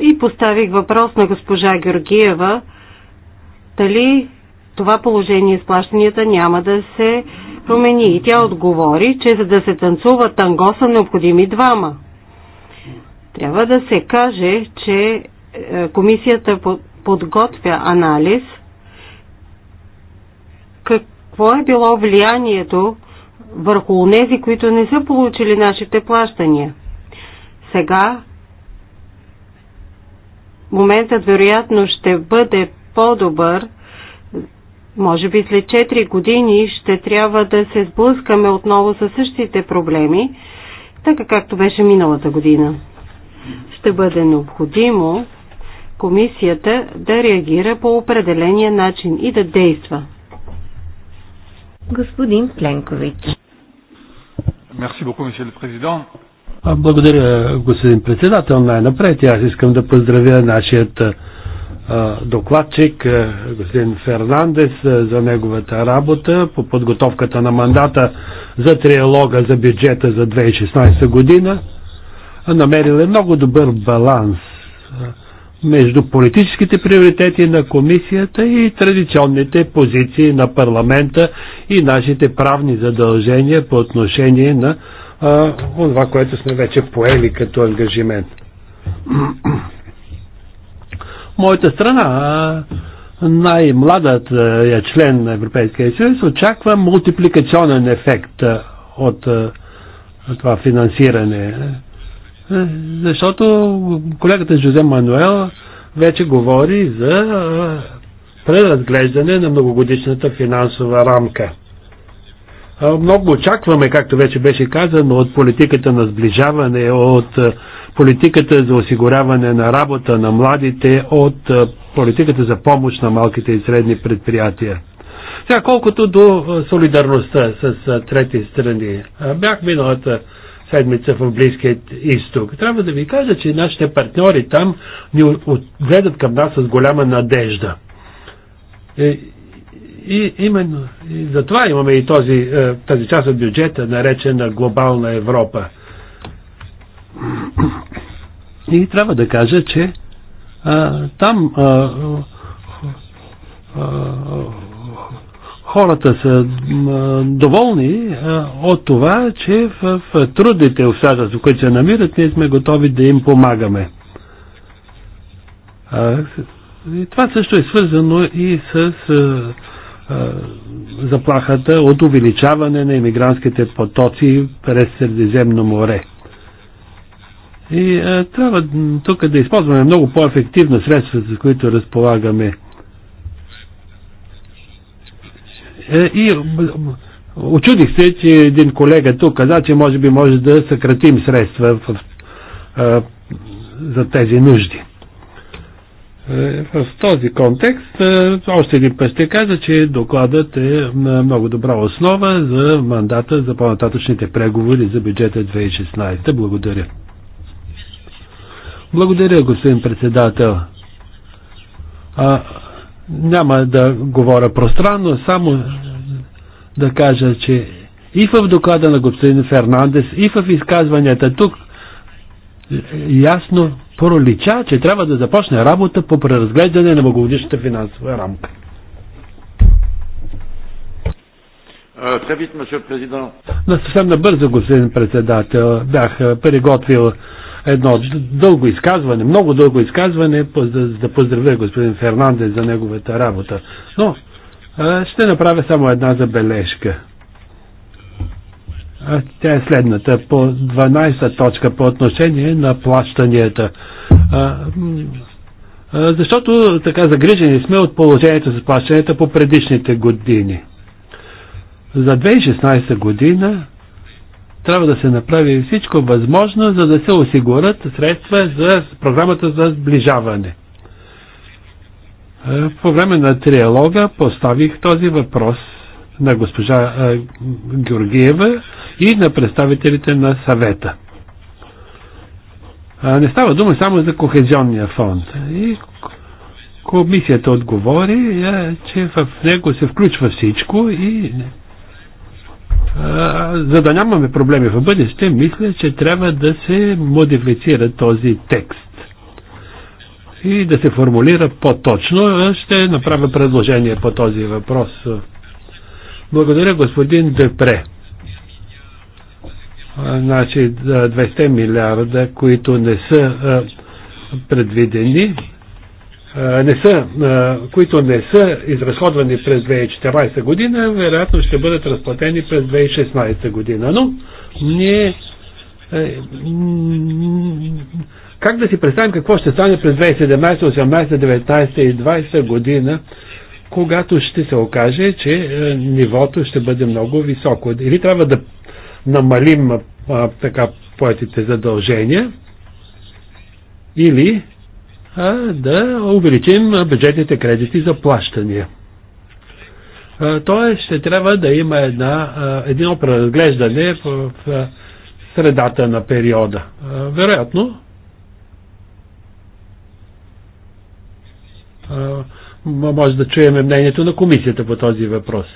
и поставих въпрос на госпожа Георгиева дали това положение с плащанията няма да се промени. И тя отговори, че за да се танцува танго са необходими двама. Трябва да се каже, че е, комисията подготвя анализ какво е било влиянието върху нези, които не са получили нашите плащания. Сега моментът вероятно ще бъде по-добър, може би след 4 години ще трябва да се сблъскаме отново със същите проблеми, така както беше миналата година. Ще бъде необходимо комисията да реагира по определения начин и да действа. Господин Пленкович. Мерси боку, monsieur Благодаря, господин председател. Най-напред аз искам да поздравя нашият докладчик, е, господин Фернандес, е, за неговата работа по подготовката на мандата за триалога за бюджета за 2016 година. Намерил е много добър баланс е, между политическите приоритети на комисията и традиционните позиции на парламента и нашите правни задължения по отношение на а, това, което сме вече поели като ангажимент моята страна, най-младът е, е член на Европейския съюз, очаква мултипликационен ефект е, е, от това финансиране. Защото колегата Жозе Мануел вече говори за преразглеждане на многогодишната финансова рамка. Много очакваме, както вече беше казано, от политиката на сближаване, от политиката за осигуряване на работа на младите от политиката за помощ на малките и средни предприятия. Сега колкото до солидарността с трети страни. Бях миналата седмица в Близкият изток. Трябва да ви кажа, че нашите партньори там ни гледат към нас с голяма надежда. Е, и, и именно и затова имаме и този, е, тази част от бюджета, наречена Глобална Европа. И трябва да кажа, че а, там а, а, хората са доволни от това, че в трудните обстоятелства, които се намират, ние сме готови да им помагаме. И това също е свързано и с заплахата от увеличаване на иммигрантските потоци през Средиземно море. И а, е, трябва тук да използваме много по-ефективно средствата, с които разполагаме. Е, и е, очудих се, че един колега тук каза, че може би може да съкратим средства в, а, е, за тези нужди. Е, в този контекст още един път ще каза, че докладът е много добра основа за мандата за по-нататъчните преговори за бюджета 2016. Благодаря. Благодаря, господин председател. А, няма да говоря пространно, само да кажа, че и в доклада на господин Фернандес, и в изказванията тук ясно пролича, че трябва да започне работа по преразглеждане на многогодишната финансова рамка. Е, съвсем набързо, господин председател, бях е, приготвил едно дълго изказване, много дълго изказване, да, да поздравя господин Фернандес за неговата работа. Но ще направя само една забележка. Тя е следната. По 12 точка по отношение на плащанията. Защото така загрижени сме от положението за плащанията по предишните години. За 2016 година трябва да се направи всичко възможно, за да се осигурят средства за програмата за сближаване. Е, по време на триалога поставих този въпрос на госпожа е, Георгиева и на представителите на съвета. Е, не става дума само за кохезионния фонд. И комисията отговори, че в него се включва всичко и за да нямаме проблеми в бъдеще, мисля, че трябва да се модифицира този текст и да се формулира по-точно. Ще направя предложение по този въпрос. Благодаря, господин Депре. Значи 200 милиарда, които не са предвидени не са, които не са изразходвани през 2014 година, вероятно ще бъдат разплатени през 2016 година. Но ние е, как да си представим какво ще стане през 2017, 2018, 2019 и 2020 година, когато ще се окаже, че е, нивото ще бъде много високо. Или трябва да намалим а, така поетите задължения, или да увеличим бюджетните кредити за плащания. Тоест ще трябва да има една, едно преразглеждане в средата на периода. Вероятно, може да чуем мнението на комисията по този въпрос.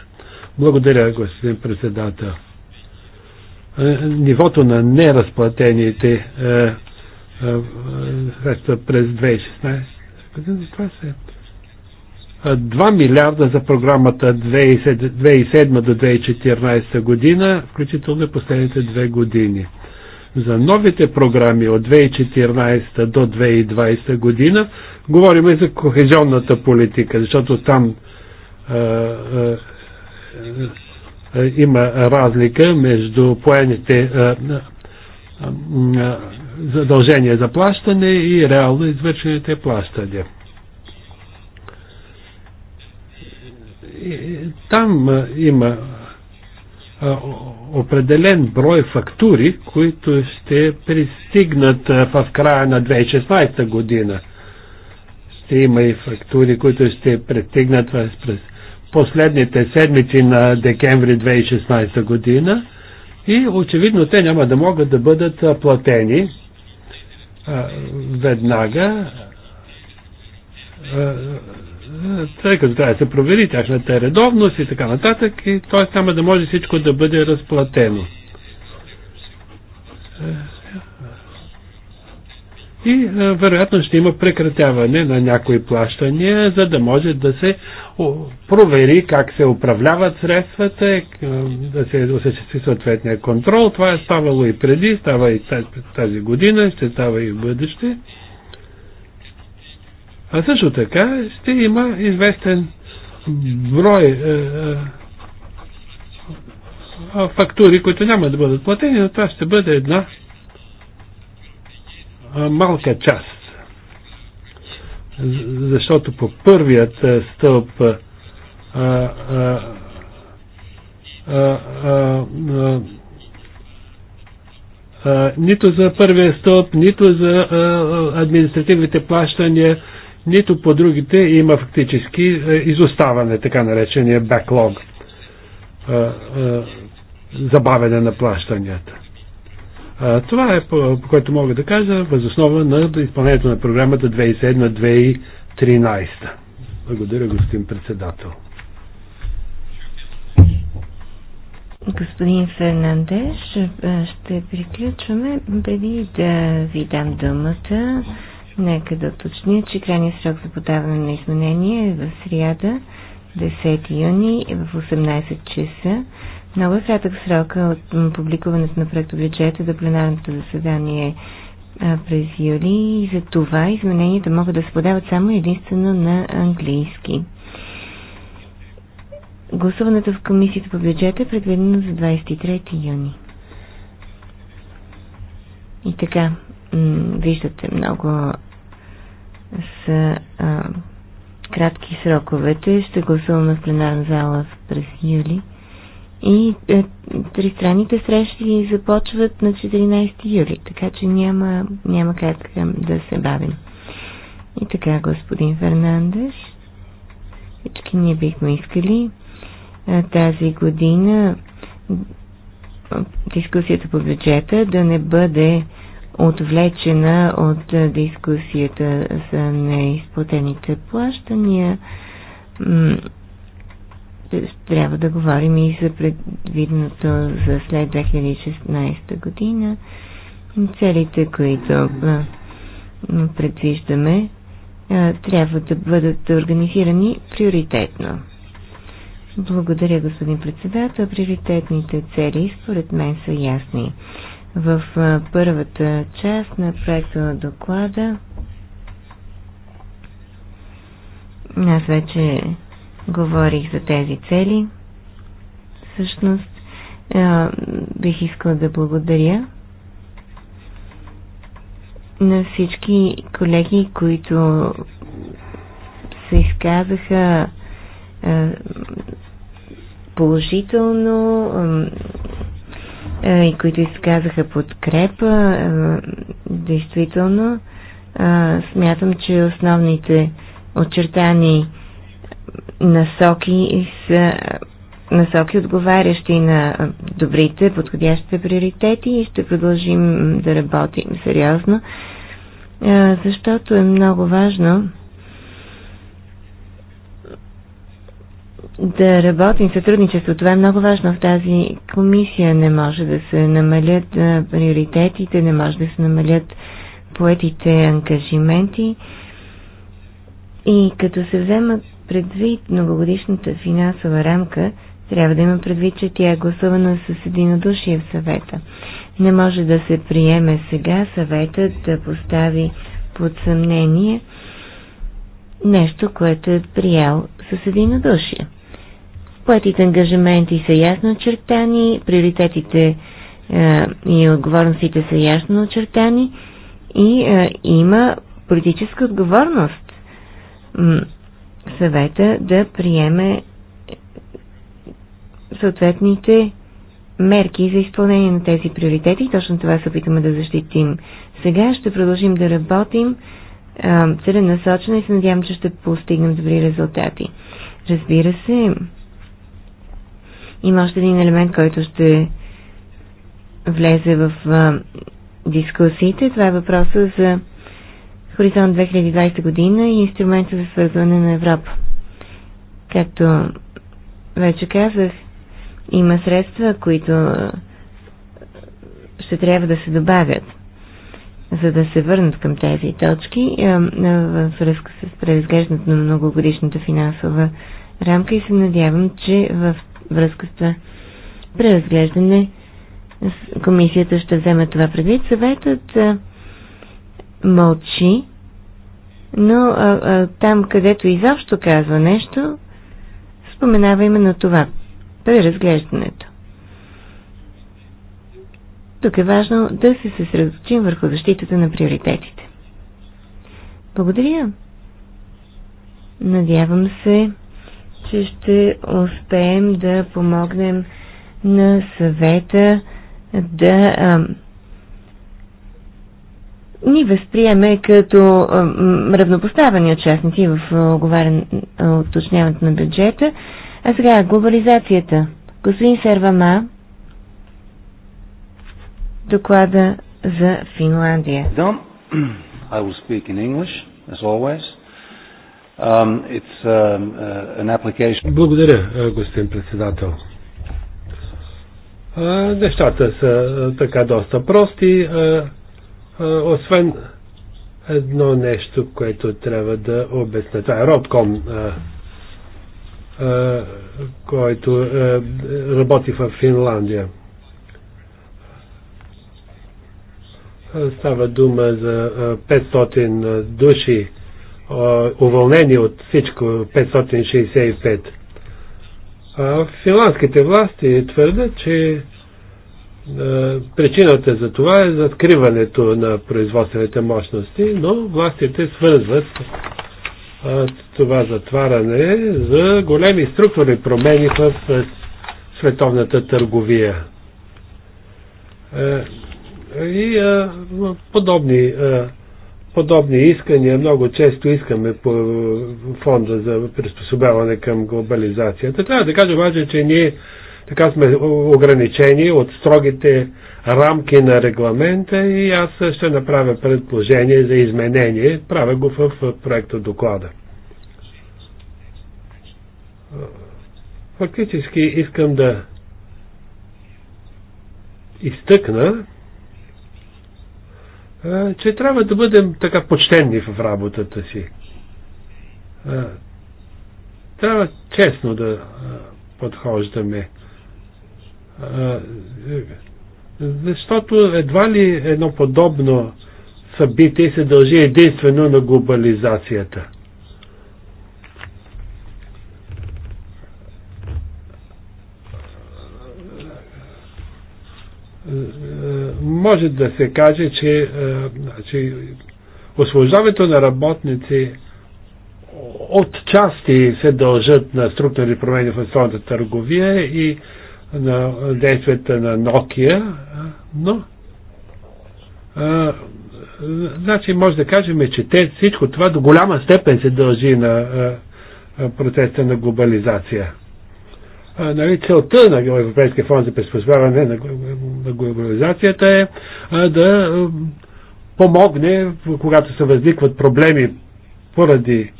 Благодаря, господин председател. Нивото на неразплатените средства през 2016 година. Това са 2 милиарда за програмата 2007 до 2014 година, включително и последните две години. За новите програми от 2014 до 2020 година говорим и за кохезионната политика, защото там а, а, а, има разлика между поените задължение за плащане и реално извършените плащания. Там има определен брой фактури, които ще пристигнат в края на 2016 година. Ще има и фактури, които ще пристигнат през последните седмици на декември 2016 година и очевидно те няма да могат да бъдат платени веднага, тъй като трябва да се провери тяхната редовност и така нататък, и т.е. няма да може всичко да бъде разплатено и а, е, вероятно ще има прекратяване на някои плащания, за да може да се провери как се управляват средствата, е, да се осъществи съответния контрол. Това е ставало и преди, става и тази година, ще става и в бъдеще. А също така ще има известен брой е, е, фактури, които няма да бъдат платени, но това ще бъде една малка част. Защото по първият стълб а, а, а, нито за първия стълб, нито за административните плащания, нито по другите има фактически изоставане, така наречения беклог, забавяне на плащанията. Това е по, по което мога да кажа възоснова на изпълнението на програмата 2007-2013. Благодаря, господин председател. Господин Фернандеш, е, ще приключваме. Преди да ви дам думата, нека да уточня, че крайният срок за подаване на изменение е в сряда, 10 юни, в 18 часа. Много е кратък срока от публикуването на проекто бюджета до пленарното заседание през юли и за това измененията могат да се подават само единствено на английски. Гласуването в комисията по бюджета е предвидено за 23 юни. И така, виждате, много с а, кратки сроковете. Ще гласуваме в пленарна зала през юли. И е, тристранните срещи започват на 14 юли, така че няма, няма как да се бавим. И така, господин Фернандеш, всички ние бихме искали а, е, тази година дискусията по бюджета да не бъде отвлечена от е, дискусията за неизплатените плащания трябва да говорим и за предвиденото за след 2016 година, целите, които предвиждаме, трябва да бъдат организирани приоритетно. Благодаря, господин председател. Приоритетните цели според мен са ясни. В първата част на проекта на доклада аз вече говорих за тези цели. Всъщност, бих искала да благодаря на всички колеги, които се изказаха положително и които изказаха подкрепа. действително, смятам, че основните очертани насоки са насоки, отговарящи на добрите, подходящите приоритети и ще продължим да работим сериозно, защото е много важно да работим в сътрудничество. Това е много важно в тази комисия. Не може да се намалят приоритетите, не може да се намалят поетите ангажименти. И като се вземат предвид многогодишната финансова рамка, трябва да има предвид, че тя е гласувана с единодушие в съвета. Не може да се приеме сега съветът да постави под съмнение нещо, което е приял с единодушие. Поетите ангажименти са ясно очертани, приоритетите е, и отговорностите са ясно очертани и е, има политическа отговорност съвета да приеме съответните мерки за изпълнение на тези приоритети. Точно това се опитаме да защитим сега. Ще продължим да работим целенасочено и се надявам, че ще постигнем добри резултати. Разбира се, има още един елемент, който ще влезе в а, дискусиите. Това е въпроса за Хоризонт 2020 година и инструмента за свързване на Европа. Както вече казах, има средства, които ще трябва да се добавят, за да се върнат към тези точки в връзка с преразглеждането на многогодишната финансова рамка и се надявам, че в връзка с това преразглеждане комисията ще вземе това предвид. Съветът мълчи, но а, а, там, където изобщо казва нещо, споменава именно това преразглеждането. Тук е важно да се съсредоточим върху защитата на приоритетите. Благодаря. Надявам се, че ще успеем да помогнем на съвета да а, ни възприеме като равнопоставени участници в уточняването на бюджета. А сега глобализацията. Господин Сервама, доклада за Финландия. Um, um, uh, Благодаря, господин председател. А, нещата са така доста прости. А, освен едно нещо, което трябва да обясня. Това е Ротком, който работи в Финландия. Става дума за 500 души, уволнени от всичко 565. Финландските власти твърдят, че е, причината за това е за откриването на производствените мощности, но властите свързват е, това затваряне за големи структурни промени в е, световната търговия. И подобни, подобни искания много често искаме по фонда за приспособяване към глобализацията. Трябва да кажа обаче, че ние така сме ограничени от строгите рамки на регламента и аз ще направя предположение за изменение. Правя го в проекта доклада. Фактически искам да изтъкна, че трябва да бъдем така почтенни в работата си. Трябва честно да подхождаме. Е, защото едва ли едно подобно събитие се дължи единствено на глобализацията. Може да се каже, че, че значи, освобождаването на работници от части се дължат на структурни промени в основната търговия и на действията на Nokia, но а, значи може да кажем, че те, всичко това до голяма степен се дължи на а, процеса на глобализация. А, нали, целта на Европейския фонд за приспособяване на, на глобализацията е а, да а, помогне, когато се възникват проблеми поради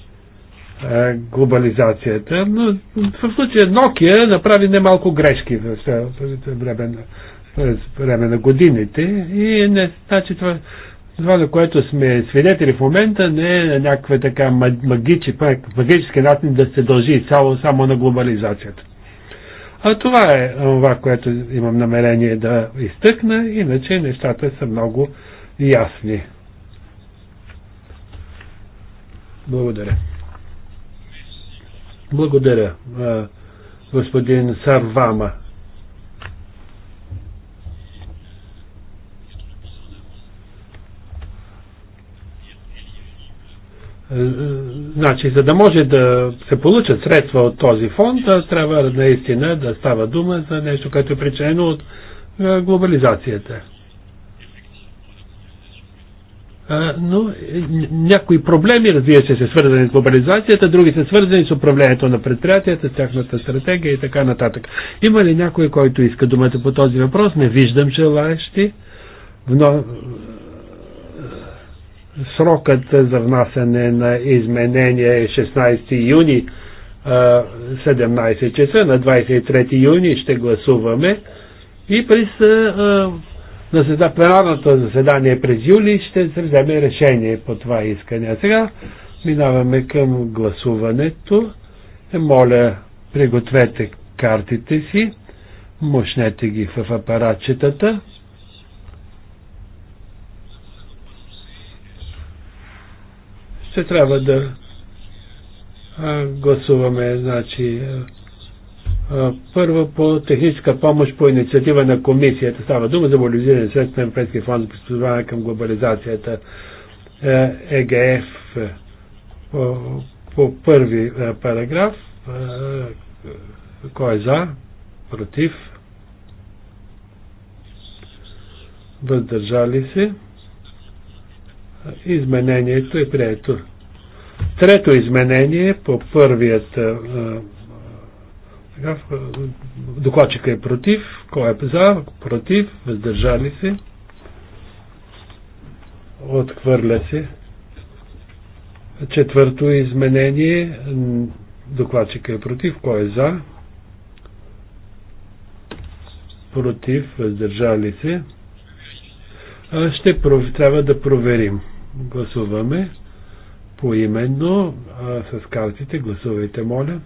е, глобализацията. Но в случая Nokia направи немалко грешки в време на, време на годините и не, значи това, това, на което сме свидетели в момента, не е на някаква така магичи, магически начин да се дължи само, само на глобализацията. А това е това, което имам намерение да изтъкна, иначе нещата са много ясни. Благодаря. Благодаря, господин Сарвама. Значи, за да може да се получат средства от този фонд, трябва наистина да става дума за нещо, което е причинено от глобализацията но е, някои проблеми, разбира се, са свързани с глобализацията, други са свързани с управлението на предприятията, с тяхната стратегия и така нататък. Има ли някой, който иска думата по този въпрос? Не виждам желаящи. Но е, срокът за внасяне на изменения е 16 юни 17 часа. На 23 юни ще гласуваме и през на седа, пленарното заседание през юли ще се вземе решение по това искане. А сега минаваме към гласуването. Е, моля, пригответе картите си, мощнете ги в апаратчетата. Ще трябва да гласуваме, значи, първо по техническа помощ по инициатива на комисията. Става дума за мобилизиране средства на Европейски фонд за приспособяване към глобализацията е, ЕГФ е, по, по първи е, параграф. Кой е за? Против? Въздържали се? Изменението е прието. Трето изменение по първият сега докладчика е против. Кой е за? Против. Въздържали се. Отхвърля се. Четвърто изменение. Докладчика е против. Кой е за? Против. Въздържали се. Ще трябва да проверим. Гласуваме поименно а, с картите. Гласувайте, моля.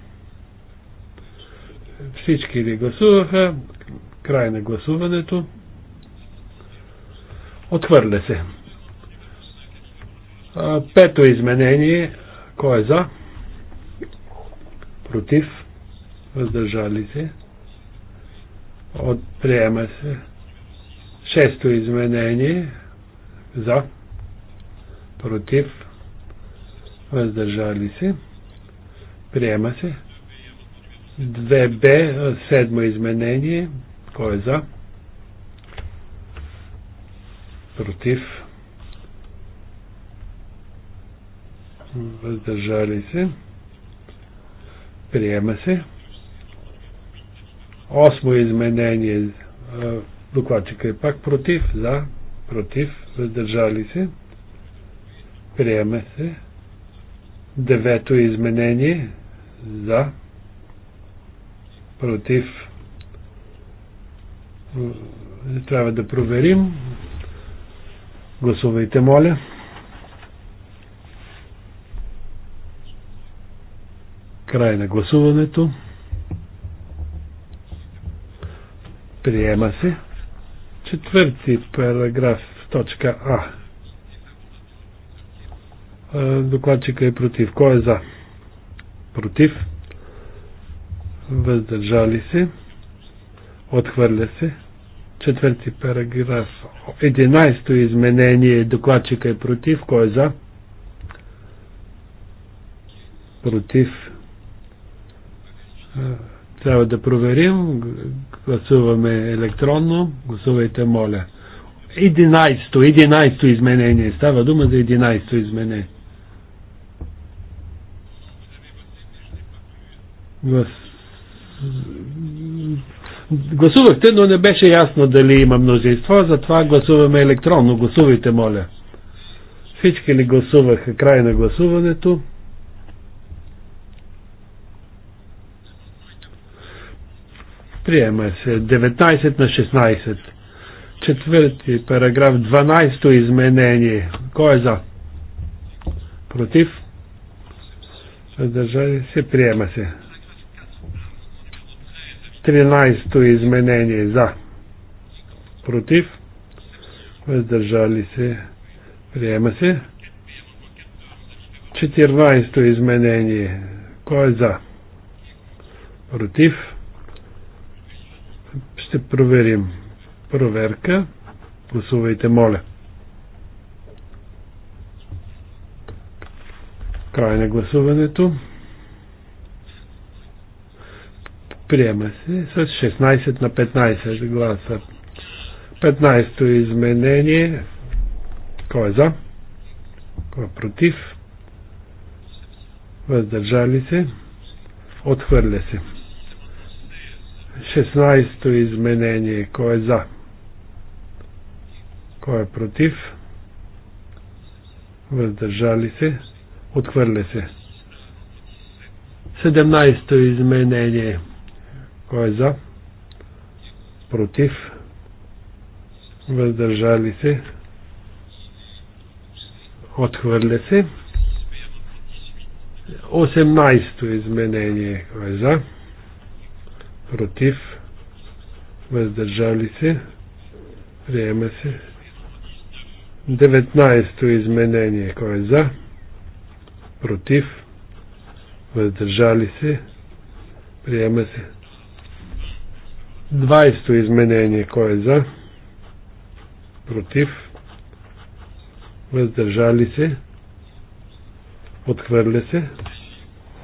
Всички ли гласуваха? Край на гласуването. Отхвърля се. Пето изменение. Кой е за? Против? Въздържали се? Отприема се. Шесто изменение. За? Против? Въздържали се? Приема се. 2Б, седмо изменение. Кой е за? Против. Въздържали се. Приема се. Осмо изменение. Докладчика е пак против. За. Против. Въздържали се. Приема се. Девето изменение. За против. Трябва да проверим. Гласувайте, моля. Край на гласуването. Приема се. Четвърти параграф, точка А. Докладчика е против. Кой е за? Против въздържали се, отхвърля се. Четвърти параграф. Единайсто изменение. Докладчика е против. Кой е за? Против. Трябва да проверим. Гласуваме електронно. Гласувайте, моля. Единайсто. Единайсто изменение. Става дума за единайсто изменение. Гласуваме. Гласувахте, но не беше ясно дали има множество, затова гласуваме електронно. Гласувайте, моля. Всички ли гласуваха край на гласуването? Приема се 19 на 16. Четвърти параграф 12 изменение. Кой е за? Против? Въздържали се? Приема се. 13-то изменение за. Против. Въздържали се. Приема се. 14-то изменение. Кой е за? Против. Ще проверим. Проверка. Гласувайте, моля. Край на гласуването. Приема се с 16 на 15 гласа. 15-то изменение. Кой е за? Кой е против? Въздържали се? Отхвърля се. 16-то изменение. Кой е за? Кой е против? Въздържали се? Отхвърля се. 17-то изменение. Кой е за? Против? Въздържали се? Отхвърля се. 18-то изменение. Кой е за? Против? Въздържали се? Приема се. 19-то изменение. Кой е за? Против? Въздържали се? Приема се. 20-то изменение. Кой е за? Против? Въздържали се? Отхвърля се?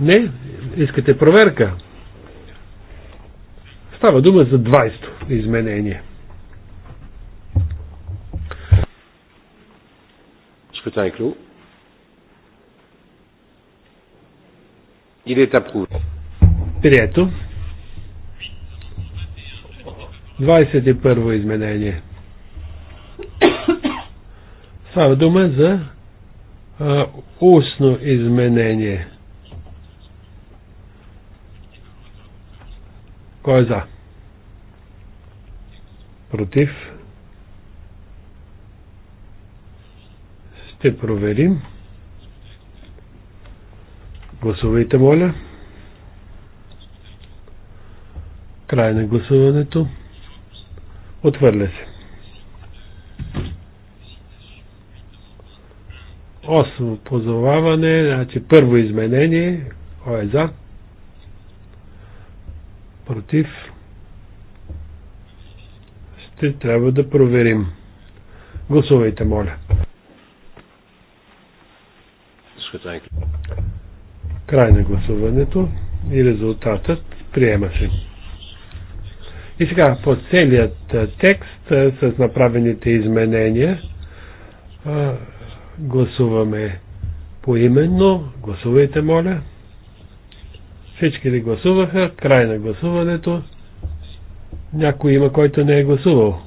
Не? Искате проверка? Става дума за 20-то изменение. Scrutin clos. Е Прието. 21 изменение. Става дума за а, устно изменение. Кой е за? Против? Ще проверим. Гласувайте, моля. Край на гласуването. Отвърля се. Осмо позоваване, значи първо изменение, кой е за, против, ще трябва да проверим. Гласувайте, моля. Край на гласуването и резултатът приема се. И сега по целият текст с направените изменения гласуваме поименно. Гласувайте, моля. Всички ли гласуваха? Край на гласуването. Някой има, който не е гласувал.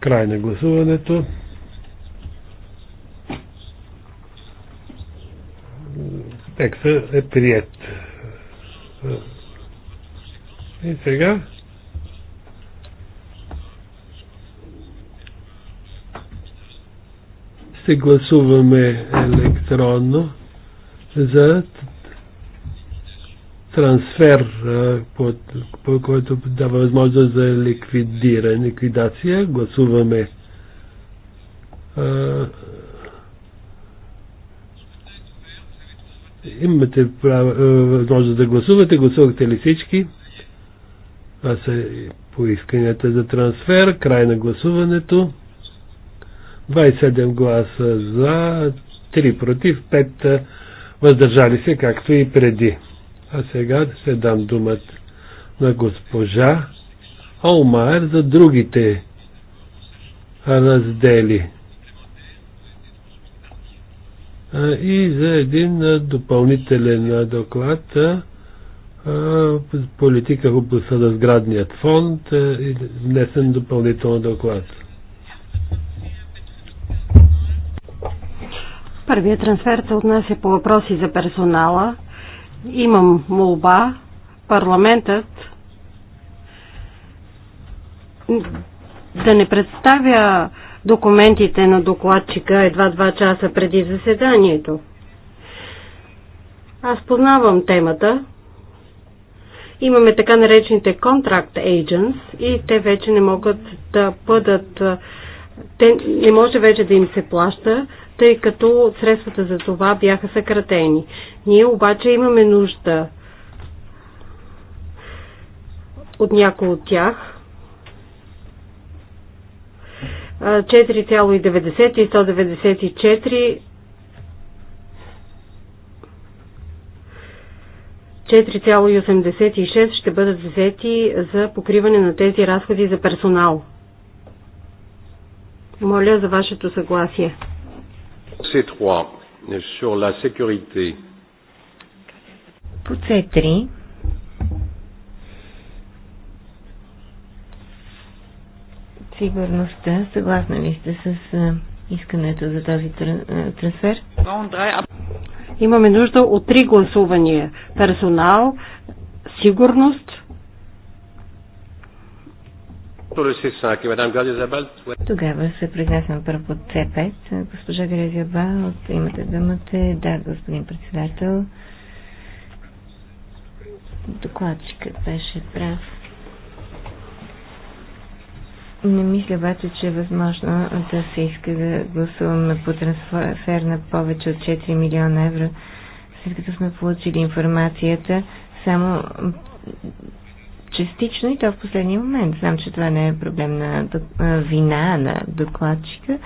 Край на гласуването. Текстът е прият. И сега ще гласуваме електронно за трансфер, по който дава възможност за ликвидиране, ликвидация. Гласуваме Имате право, е, да гласувате, гласувахте ли всички? Това са поисканията за трансфер, край на гласуването. 27 гласа за, 3 против, 5 е, въздържали се, както и преди. А сега се дам думата на госпожа Олмайер за другите раздели и за един допълнителен доклад политика в областта на сградният фонд и внесен допълнителен доклад. Първият трансфер се отнася по въпроси за персонала. Имам молба парламентът да не представя документите на докладчика едва два часа преди заседанието. Аз познавам темата. Имаме така наречените contract agents и те вече не могат да бъдат те не може вече да им се плаща, тъй като средствата за това бяха съкратени. Ние обаче имаме нужда от някои от тях, 4,90 и 194 4,86 ще бъдат взети за покриване на тези разходи за персонал. Моля за вашето съгласие. C3 sur la sécurité. По C3 сигурността. Съгласна ли сте с искането за този трансфер? Имаме нужда от три гласувания. Персонал, сигурност. Тогава се прегласна първо Ц5. Госпожа Грезиаба, от имате думата. Да, господин председател. Докладчикът беше прав. Не мисля обаче, че е възможно да се иска да гласуваме по трансфер на повече от 4 милиона евро, след като сме получили информацията само частично и то в последния момент. Знам, че това не е проблем на вина на докладчика,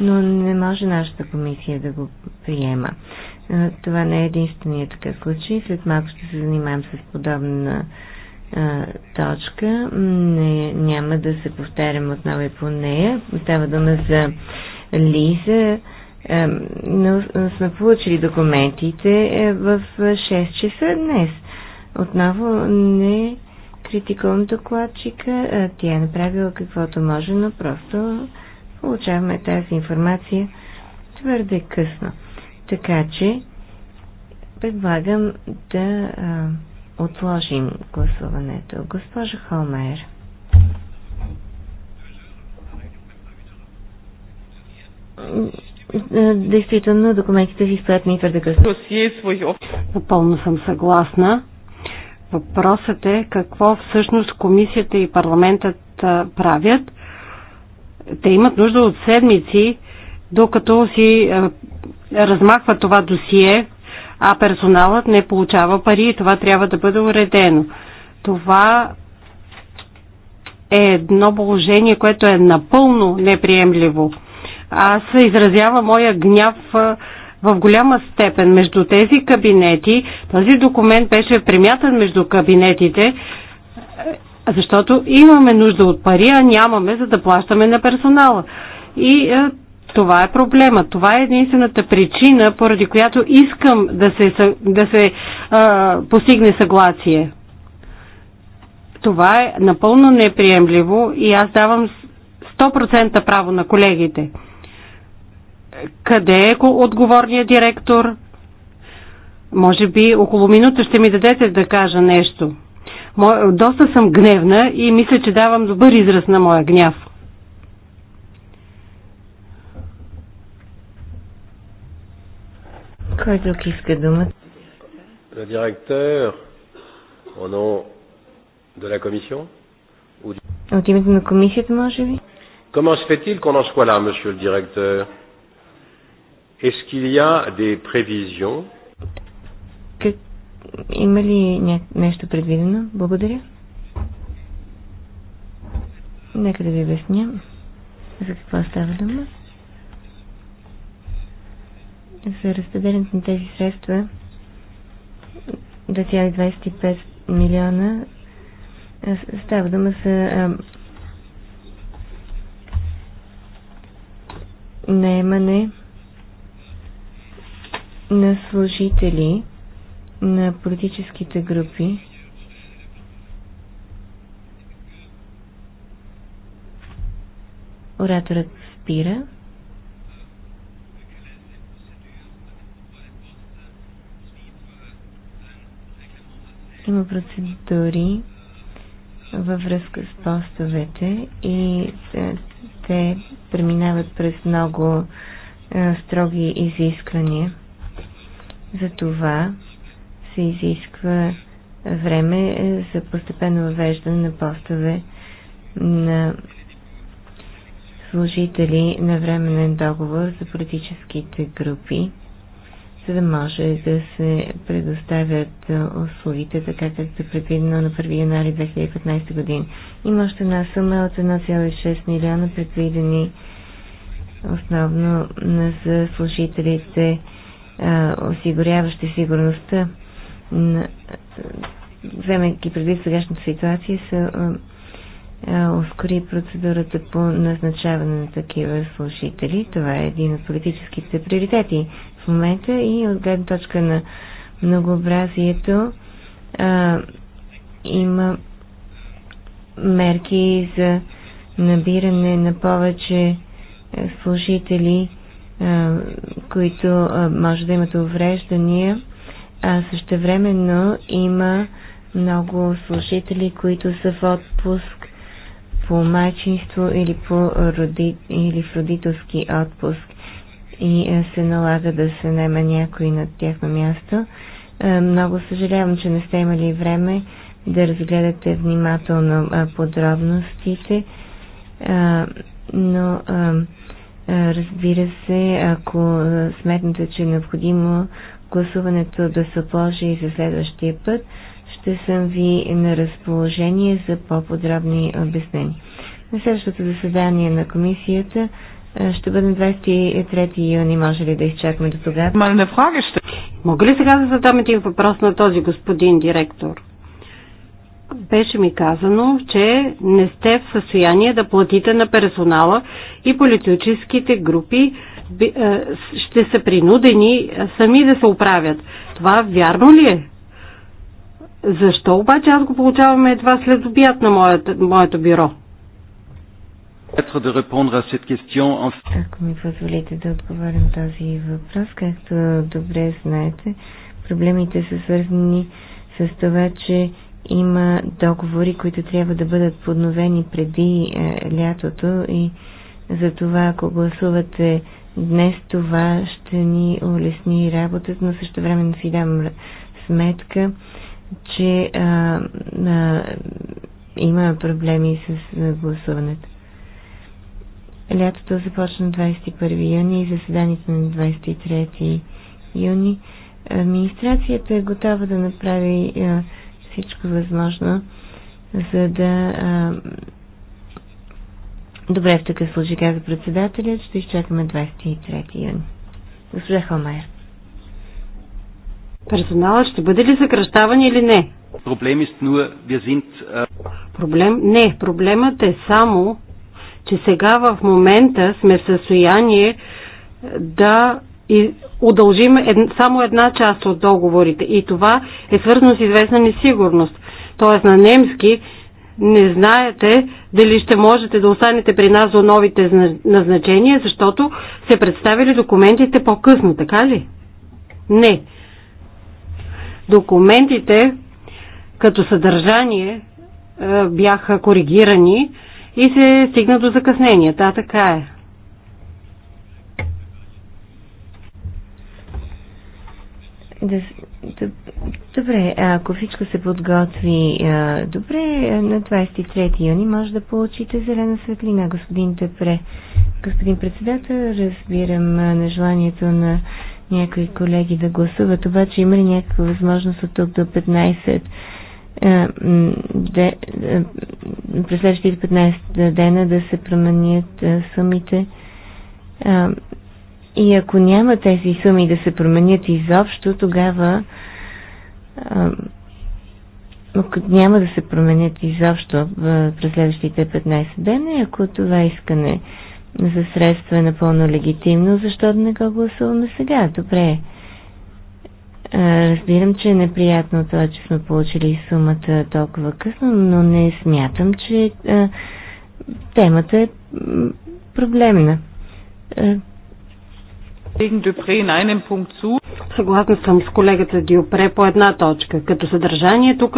но не може нашата комисия да го приема. Това не е единственият такъв случай. След малко ще се занимаем с подобна точка. Не, няма да се повтарям отново и по нея. Става дума за Лиза. но сме получили документите в 6 часа днес. Отново не критикувам докладчика. Тя е направила каквото може, но просто получаваме тази информация твърде късно. Така че предлагам да а, отложим гласуването. Госпожа Холмер. Действително, документите си стоят ми твърде късно. Напълно съм съгласна. Въпросът е какво всъщност комисията и парламентът правят. Те имат нужда от седмици, докато си размахва това досие, а персоналът не получава пари и това трябва да бъде уредено. Това е едно положение, което е напълно неприемливо. Аз изразява моя гняв в голяма степен между тези кабинети. Този документ беше премятан между кабинетите, защото имаме нужда от пари, а нямаме за да плащаме на персонала. И това е проблема. Това е единствената причина, поради която искам да се, да се а, постигне съгласие. Това е напълно неприемливо и аз давам 100% право на колегите. Къде е отговорният директор? Може би около минута ще ми дадете да кажа нещо. Доста съм гневна и мисля, че давам добър израз на моя гняв. който ки иска думата? Le directeur, au nom de la commission ou du... От името на комисията, може би? Comment se fait-il qu'on en soit là, monsieur le directeur Est-ce qu'il y a des prévisions как... Има ли ня... нещо предвидено? Благодаря. Нека да ви обясня за какво става дума за разпределението на тези средства 2,25 милиона става дума за наемане на служители на политическите групи ораторът спира процедури във връзка с постовете и те преминават през много е, строги изисквания. За това се изисква време е, за постепенно въвеждане на постове на служители на временен договор за политическите групи за да може да се предоставят услугите така, както е предвидено на 1 януари 2015 година. Има още една сума от 1,6 милиона предвидени основно за служителите, осигуряващи сигурността. Вземайки предвид сегашната ситуация, се ускори процедурата по назначаване на такива служители. Това е един от политическите приоритети момента и от гледна точка на многообразието а, има мерки за набиране на повече служители, а, които а, може да имат увреждания, а времено има много служители, които са в отпуск по майчинство или, по роди... или в родителски отпуск и е, се налага да се нема някой на тяхно място. Е, много съжалявам, че не сте имали време да разгледате внимателно е, подробностите, но разбира се, ако сметнете, че е необходимо гласуването да се положи и за следващия път, ще съм ви на разположение за по-подробни обяснения. На следващото заседание на комисията ще бъдем 23 юни. Може ли да изчакаме до тогава? Мога ли сега да задам един въпрос на този господин директор? Беше ми казано, че не сте в състояние да платите на персонала и политическите групи е, ще са принудени сами да се оправят. Това вярно ли е? Защо обаче аз го получаваме едва след обяд на моето, моето бюро? Ако ми позволите да отговорим този въпрос, както добре знаете, проблемите са свързани с това, че има договори, които трябва да бъдат подновени преди е, лятото и за това, ако гласувате днес, това ще ни улесни работата, но също време си дам сметка, че е, е, има проблеми с гласуването. Лятото започна 21 юни и заседанието на 23 юни. Администрацията е готова да направи всичко възможно, за да. Добре, в такъв случай каза председателят, ще изчакаме 23 юни. Госпожа Хомайер. Персоналът ще бъде ли съкръщаван или не? Проблем ist nur, wir sind... Проблем? Не, проблемът е само, че сега в момента сме в състояние да удължим само една част от договорите. И това е свързано с известна несигурност. Тоест на немски не знаете дали ще можете да останете при нас за новите назначения, защото се представили документите по-късно, така ли? Не. Документите като съдържание е, бяха коригирани и се стигна до закъснение. Та така е. Добре, ако всичко се подготви добре, на 23 юни може да получите зелена светлина, господин Тепре. Господин председател, разбирам нежеланието на някои колеги да гласуват, обаче има ли някаква възможност от тук до 15 е, е, през следващите 15 дена да се променят е, сумите. И ако няма тези суми да се променят изобщо, тогава ако няма да се променят изобщо през следващите 15 дена, ако това искане за средства е напълно легитимно, защо да не го гласуваме сега? Добре Разбирам, че е неприятно това, че сме получили сумата толкова късно, но не смятам, че темата е проблемна. Съгласна съм с колегата Диопре по една точка. Като съдържание тук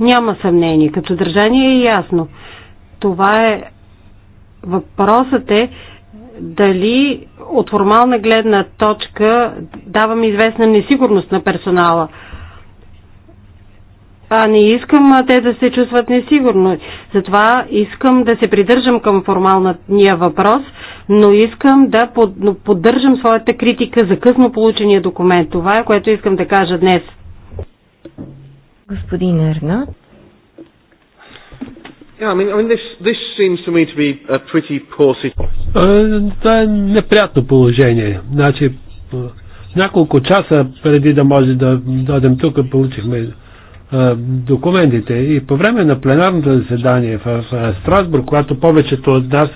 няма съмнение. Като съдържание е ясно. Това е въпросът е дали от формална гледна точка давам известна несигурност на персонала. А не искам те да се чувстват несигурно. Затова искам да се придържам към формалния въпрос, но искам да поддържам своята критика за късно получения документ. Това е което искам да кажа днес. Господин Ернат. Yeah, I mean, I mean this, this seems to me to be a pretty poor situation. Това е неприятно положение. Значи, няколко часа преди да може да дойдем тук, получихме документите и по време на пленарното заседание в, в Страсбург, когато повечето от нас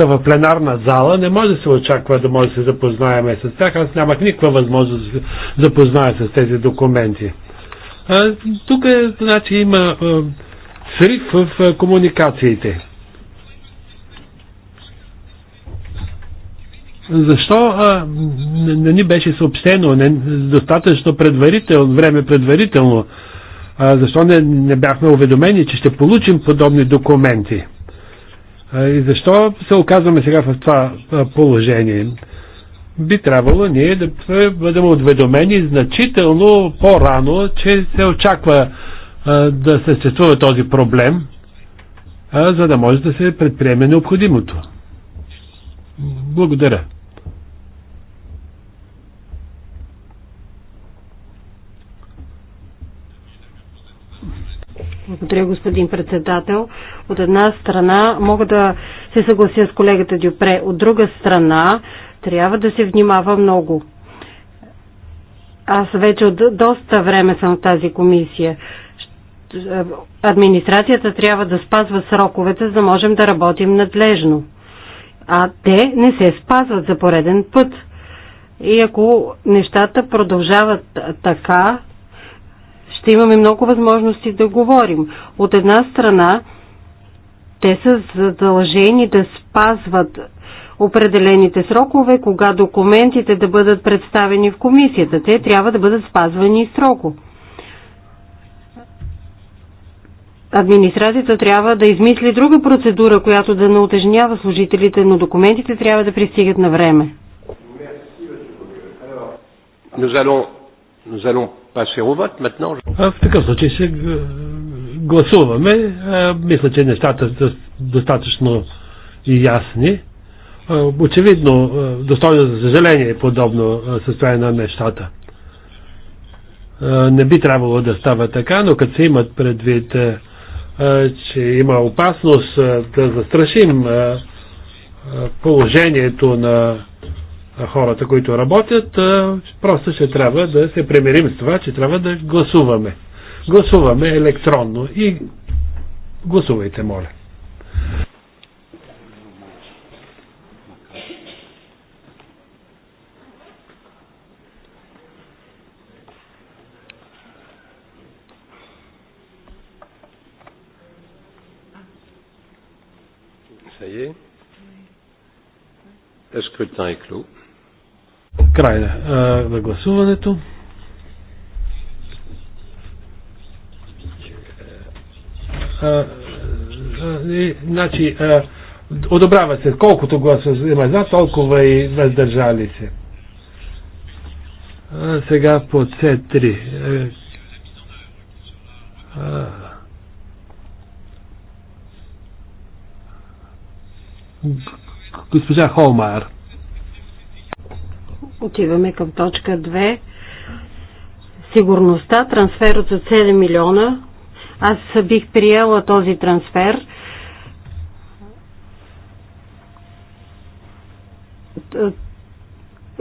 са в пленарна зала, не може да се очаква да може да се запознаеме с тях. Аз нямах никаква възможност да се запозная с тези документи. А, тук е, значи, има а, срив в комуникациите. Защо а, не, не ни беше съобщено не, достатъчно предварително, време предварително? А, защо не, не бяхме уведомени, че ще получим подобни документи? А, и защо се оказваме сега в това а, положение? Би трябвало ние да бъдем уведомени значително по-рано, че се очаква да съществува този проблем, за да може да се предприеме необходимото. Благодаря. Благодаря, господин председател. От една страна мога да се съглася с колегата Дюпре. От друга страна трябва да се внимава много. Аз вече от доста време съм в тази комисия е, администрацията трябва да спазва сроковете, за да можем да работим надлежно. А те не се спазват за пореден път. И ако нещата продължават така, ще имаме много възможности да говорим. От една страна, те са задължени да спазват определените срокове, кога документите да бъдат представени в комисията. Те трябва да бъдат спазвани и строко. администрацията трябва да измисли друга процедура, която да не отежнява служителите, но документите трябва да пристигат на време. В такъв случай ще гласуваме. Мисля, че нещата са достатъчно ясни. Очевидно, достойно за съжаление е подобно състояние на нещата не би трябвало да става така, но като се имат предвид че има опасност да застрашим положението на хората, които работят, просто ще трябва да се примерим с това, че трябва да гласуваме. Гласуваме електронно и гласувайте, моля. voyez. Le scrutin est clos. Край на, е, на гласуването. А, е, е, и, значи, а, одобрява се колкото гласа има за, толкова и въздържали се. А, сега по C3. А, а, Госпожа Холмайер. Отиваме към точка 2. Сигурността, трансфер от 7 милиона. Аз бих приела този трансфер.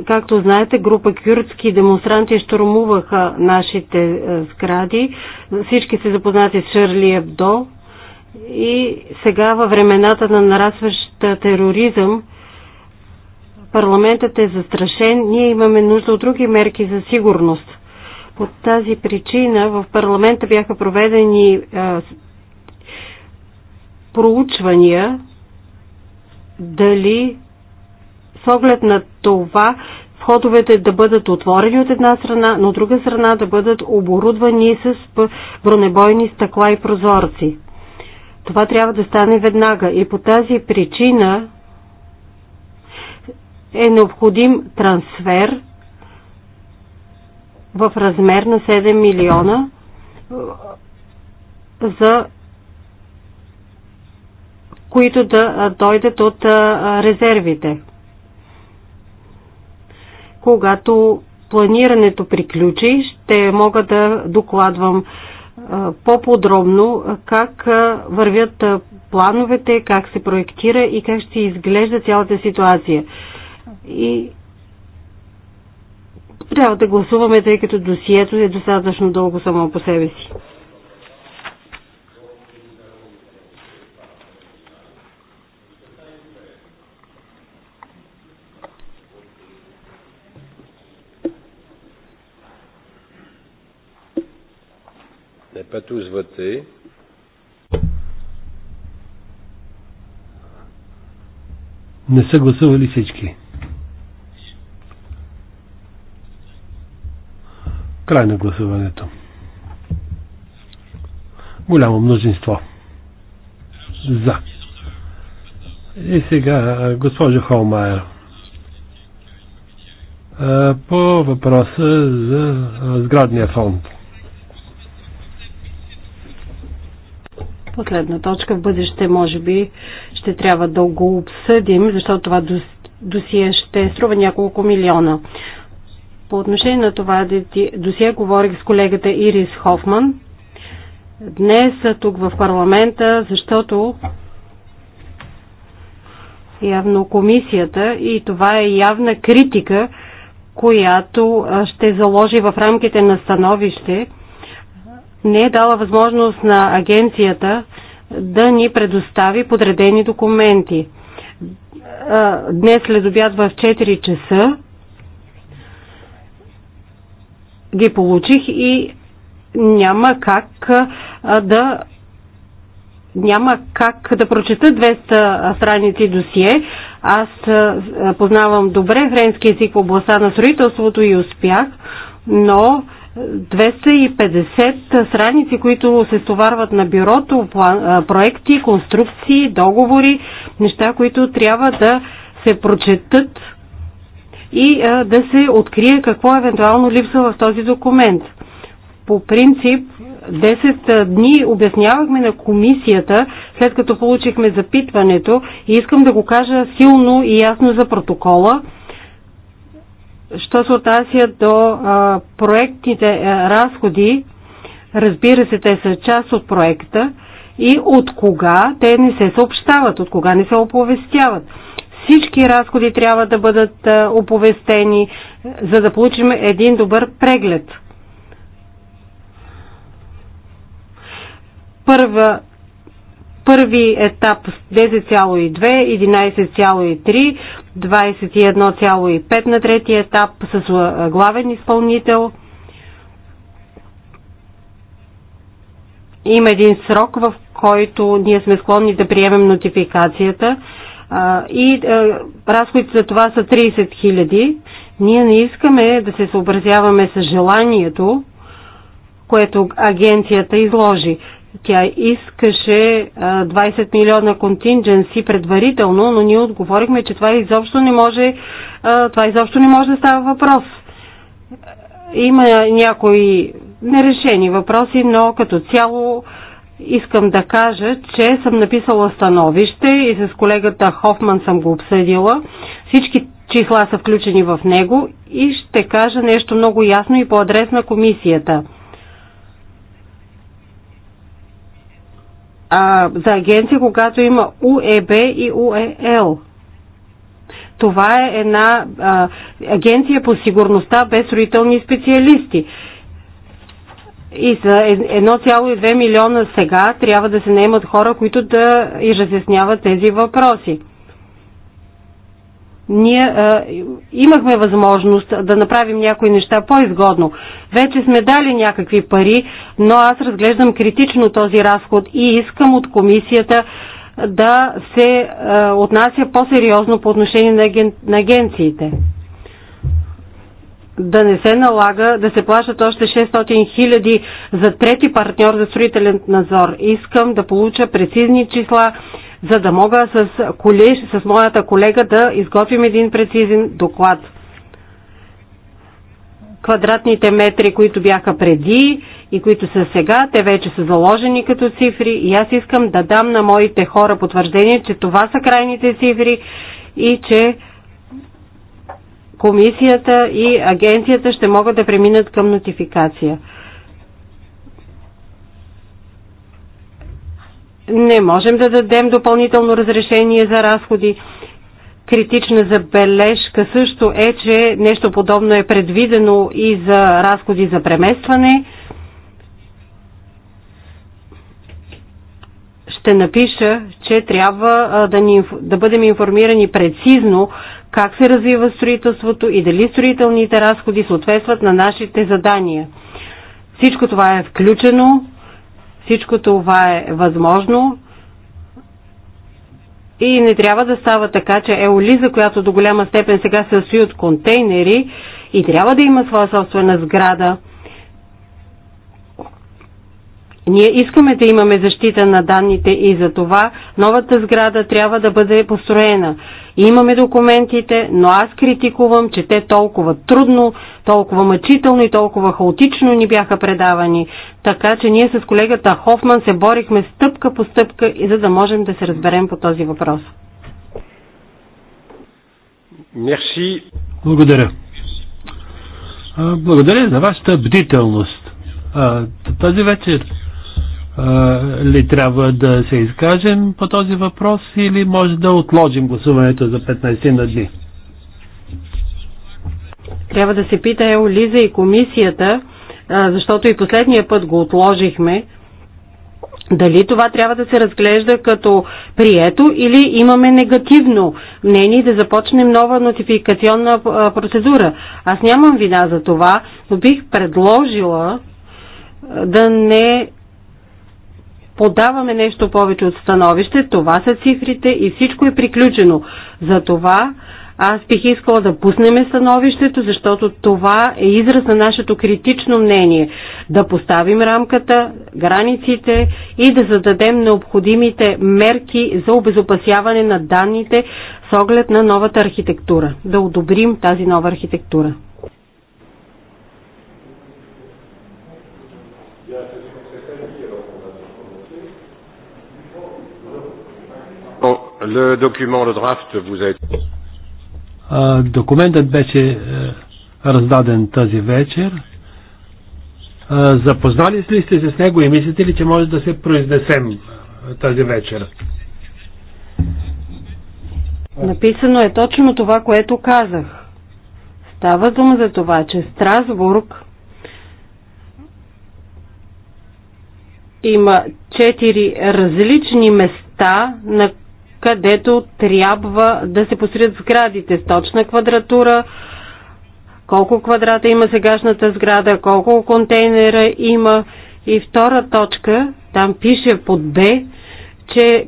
Както знаете, група кюрдски демонстранти штурмуваха нашите е, сгради. Всички се запознати с Шърли Ебдо, и сега във времената на нарастващ тероризъм, парламентът е застрашен, ние имаме нужда от други мерки за сигурност. По тази причина в парламента бяха проведени а, проучвания дали с оглед на това входовете да бъдат отворени от една страна, но от друга страна да бъдат оборудвани с бронебойни стъкла и прозорци. Това трябва да стане веднага и по тази причина е необходим трансфер в размер на 7 милиона за които да дойдат от резервите. Когато планирането приключи, ще мога да докладвам по-подробно как вървят плановете, как се проектира и как ще изглежда цялата ситуация. И трябва да гласуваме, тъй като досието е достатъчно дълго само по себе си. pas tous voté. Не са гласували всички. Край на гласуването. Голямо множество. За. И сега, госпожа Холмайер, по въпроса за сградния фонд. Последна точка в бъдеще може би ще трябва да го обсъдим, защото това досие ще струва няколко милиона. По отношение на това досие говорих с колегата Ирис Хофман. Днес тук в парламента, защото явно комисията и това е явна критика, която ще заложи в рамките на становище, не е дала възможност на агенцията да ни предостави подредени документи. Днес след обяд в 4 часа ги получих и няма как да няма как да прочета 200 страници досие. Аз познавам добре френски език в областта на строителството и успях, но 250 страници, които се стоварват на бюрото, проекти, конструкции, договори, неща, които трябва да се прочетат и а, да се открие какво евентуално липсва в този документ. По принцип, 10 дни обяснявахме на комисията, след като получихме запитването и искам да го кажа силно и ясно за протокола, Що се отнася до а, проектните а, разходи, разбира се, те са част от проекта и от кога те не се съобщават, от кога не се оповестяват. Всички разходи трябва да бъдат а, оповестени, за да получим един добър преглед. Първа първи етап 10,2, 11,3, 21,5 на третия етап с главен изпълнител. Има един срок, в който ние сме склонни да приемем нотификацията и разходите за това са 30 хиляди. Ние не искаме да се съобразяваме с желанието, което агенцията изложи. Тя искаше 20 милиона контингенси предварително, но ние отговорихме, че това изобщо не може, това изобщо не може да става въпрос. Има някои нерешени въпроси, но като цяло искам да кажа, че съм написала становище и с колегата Хофман съм го обсъдила. Всички числа са включени в него и ще кажа нещо много ясно и по адрес на комисията. а, за агенция, когато има УЕБ и УЕЛ. Това е една а, агенция по сигурността без строителни специалисти. И за 1,2 е, милиона сега трябва да се наемат хора, които да и разясняват тези въпроси ние а, имахме възможност да направим някои неща по-изгодно. Вече сме дали някакви пари, но аз разглеждам критично този разход и искам от комисията да се а, отнася по-сериозно по отношение на, аген, на агенциите. Да не се налага да се плащат още 600 хиляди за трети партньор за строителен надзор. Искам да получа прецизни числа за да мога с, колеж, с моята колега да изготвим един прецизен доклад. Квадратните метри, които бяха преди и които са сега, те вече са заложени като цифри и аз искам да дам на моите хора потвърждение, че това са крайните цифри и че комисията и агенцията ще могат да преминат към нотификация. не можем да дадем допълнително разрешение за разходи. Критична забележка също е, че нещо подобно е предвидено и за разходи за преместване. ще напиша, че трябва да, ни, да бъдем информирани прецизно как се развива строителството и дали строителните разходи съответстват на нашите задания. Всичко това е включено всичко това е възможно и не трябва да става така, че Еолиза, която до голяма степен сега се състои от контейнери и трябва да има своя собствена сграда, ние искаме да имаме защита на данните и за това новата сграда трябва да бъде построена. Имаме документите, но аз критикувам, че те толкова трудно, толкова мъчително и толкова хаотично ни бяха предавани. Така че ние с колегата Хофман се борихме стъпка по стъпка, и за да можем да се разберем по този въпрос. Мерси. Благодаря. Благодаря за вашата бдителност. Тази вечер ли трябва да се изкажем по този въпрос или може да отложим гласуването за 15 на дни? Трябва да се пита Еолиза и комисията, защото и последния път го отложихме, дали това трябва да се разглежда като прието или имаме негативно мнение да започнем нова нотификационна процедура. Аз нямам вина за това, но бих предложила да не подаваме нещо повече от становище. Това са цифрите и всичко е приключено. За това аз бих искала да пуснем становището, защото това е израз на нашето критично мнение. Да поставим рамката, границите и да зададем необходимите мерки за обезопасяване на данните с оглед на новата архитектура. Да одобрим тази нова архитектура. Le document, le draft, vous a... été. Документът беше е, раздаден тази вечер. Запознали ли сте се с него и мислите ли, че може да се произнесем е, тази вечер? Написано е точно това, което казах. Става дума за това, че Страсбург има четири различни места, на където трябва да се построят сградите с точна квадратура, колко квадрата има сегашната сграда, колко контейнера има. И втора точка, там пише под Б, че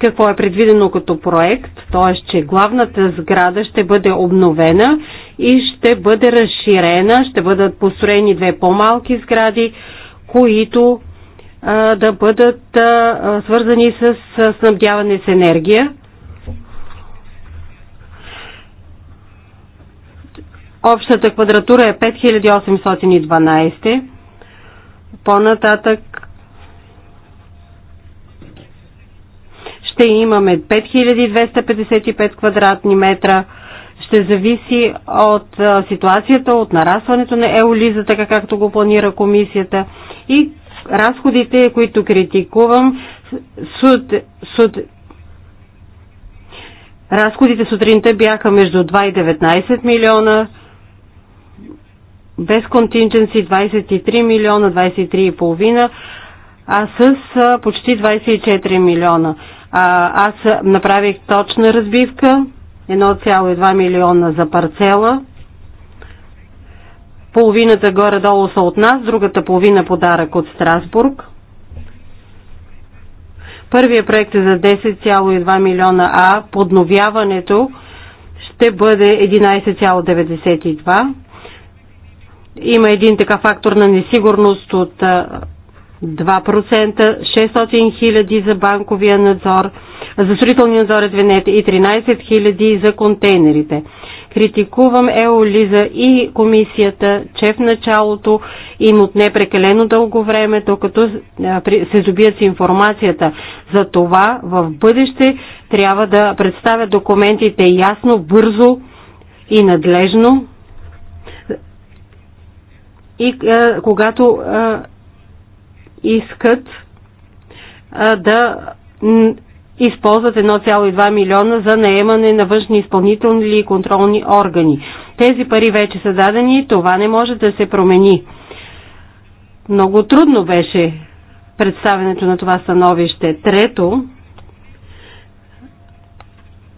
какво е предвидено като проект, т.е. че главната сграда ще бъде обновена и ще бъде разширена, ще бъдат построени две по-малки сгради, които да бъдат свързани с снабдяване с енергия. Общата квадратура е 5812. По-нататък ще имаме 5255 квадратни метра. Ще зависи от ситуацията, от нарасването на еолиза, така както го планира комисията и разходите, които критикувам, суд, суд, разходите сутринта бяха между 2 и 19 милиона, без контингенци 23 милиона, 23,5, а с почти 24 милиона. А, аз направих точна разбивка, 1,2 милиона за парцела, Половината горе-долу са от нас, другата половина е подарък от Страсбург. Първият проект е за 10,2 милиона, а подновяването ще бъде 11,92. Има един така фактор на несигурност от 2%, 600 хиляди за банковия надзор, за строителния надзор, извинете, е и 13 хиляди за контейнерите. Критикувам Еолиза и комисията, че в началото им отне прекалено дълго време, докато се добият с информацията. За това в бъдеще трябва да представят документите ясно, бързо и надлежно. И когато искат а, да използват 1,2 милиона за наемане на външни изпълнителни или контролни органи. Тези пари вече са дадени и това не може да се промени. Много трудно беше представенето на това становище. Трето,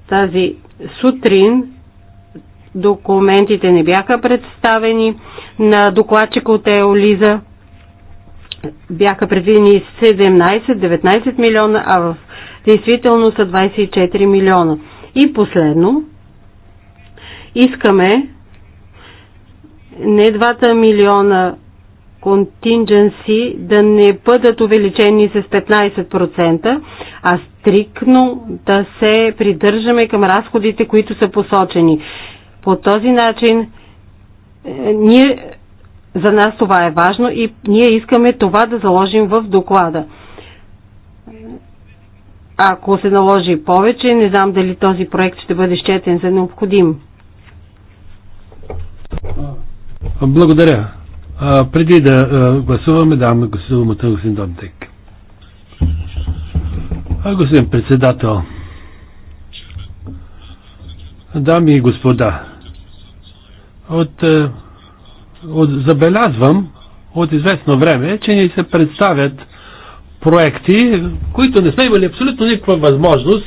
тази сутрин документите не бяха представени на докладчика от Еолиза. Бяха предвидени 17-19 милиона, а в действително са 24 милиона. И последно, искаме не 2 милиона контингенси да не бъдат увеличени с 15%, а стрикно да се придържаме към разходите, които са посочени. По този начин е, ние, за нас това е важно и ние искаме това да заложим в доклада ако се наложи повече, не знам дали този проект ще бъде щетен за необходим. Благодаря. А, преди да а, гласуваме, дам гласуваме на господин Донтек. А, господин председател, дами и господа, от, от, забелязвам от известно време, че ни се представят проекти, които не сме имали абсолютно никаква възможност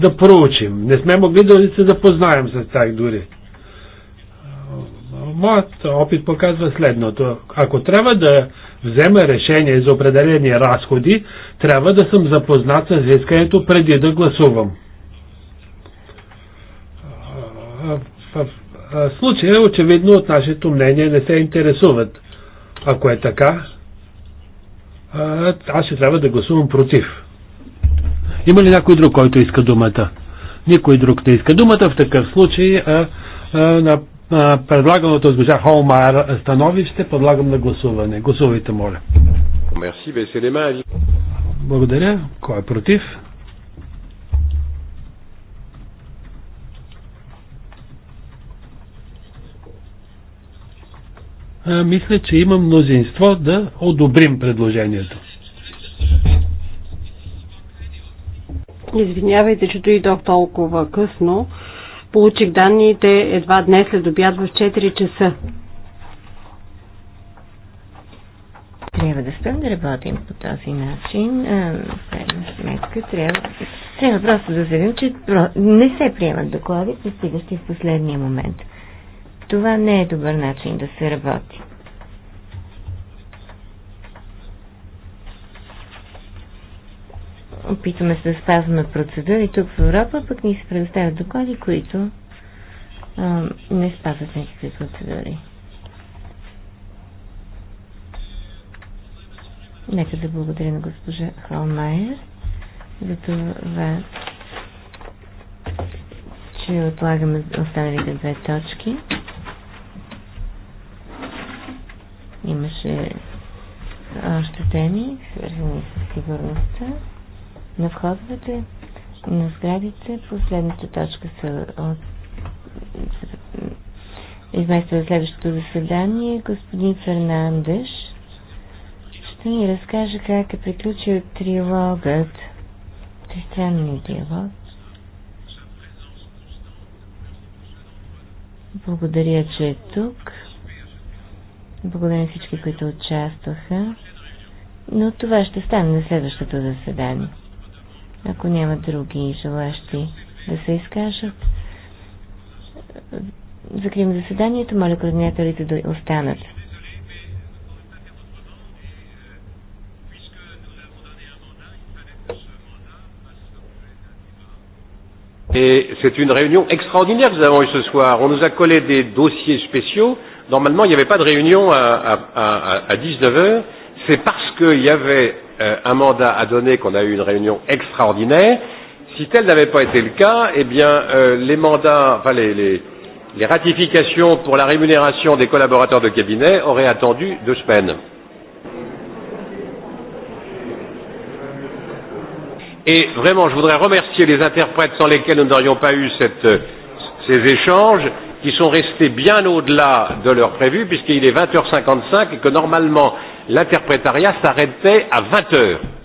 да проучим. Не сме могли да се запознаем с тях дори. Моят опит показва следното. Ако трябва да взема решение за определени разходи, трябва да съм запознат с искането преди да гласувам. В случая, очевидно, от нашето мнение не се интересуват. Ако е така, аз ще трябва да гласувам против. Има ли някой друг, който иска думата? Никой друг не иска думата. В такъв случай а, а, на а, предлаганото от госпожа Холмайер становище подлагам на гласуване. Гласувайте, моля. Благодаря. Кой е против? А, мисля, че има мнозинство да одобрим предложението. Извинявайте, че дойдох толкова късно. Получих данните едва днес след обяд в 4 часа. Трябва да спрем да работим по този начин. Крайна сметка трябва, трябва просто да заявим, че не се приемат доклади, постигащи в последния момент. Това не е добър начин да се работи. Опитваме се да спазваме процедури тук в Европа, пък ни се предоставят доклади, които а, не спазват никакви процедури. Нека да благодаря на госпожа Холмайер за това, че отлагаме останалите две точки. Имаше още теми, свързани с сигурността на входовете, на сградите. Последната точка са от е, измества за следващото заседание. Господин Фернандеш ще ни разкаже как е приключил триологът, тристранния диалог. Благодаря, че е тук. Благодаря всички, които участваха. Но това ще стане на следващото заседание. Ако няма други желащи да се изкажат, закрием заседанието. Моля координаторите да останат. Et c'est une réunion extraordinaire que nous avons eue ce soir. On nous a collé des dossiers spéciaux normalement il n'y avait pas de réunion à, à, à, à 19 heures, c'est parce qu'il y avait euh, un mandat à donner qu'on a eu une réunion extraordinaire. Si tel n'avait pas été le cas, eh bien euh, les mandats, enfin les, les, les ratifications pour la rémunération des collaborateurs de cabinet auraient attendu deux semaines. Et vraiment, je voudrais remercier les interprètes sans lesquels nous n'aurions pas eu cette, ces échanges qui sont restés bien au-delà de l'heure prévue, puisqu'il est 20h55 et que normalement l'interprétariat s'arrêtait à 20 heures.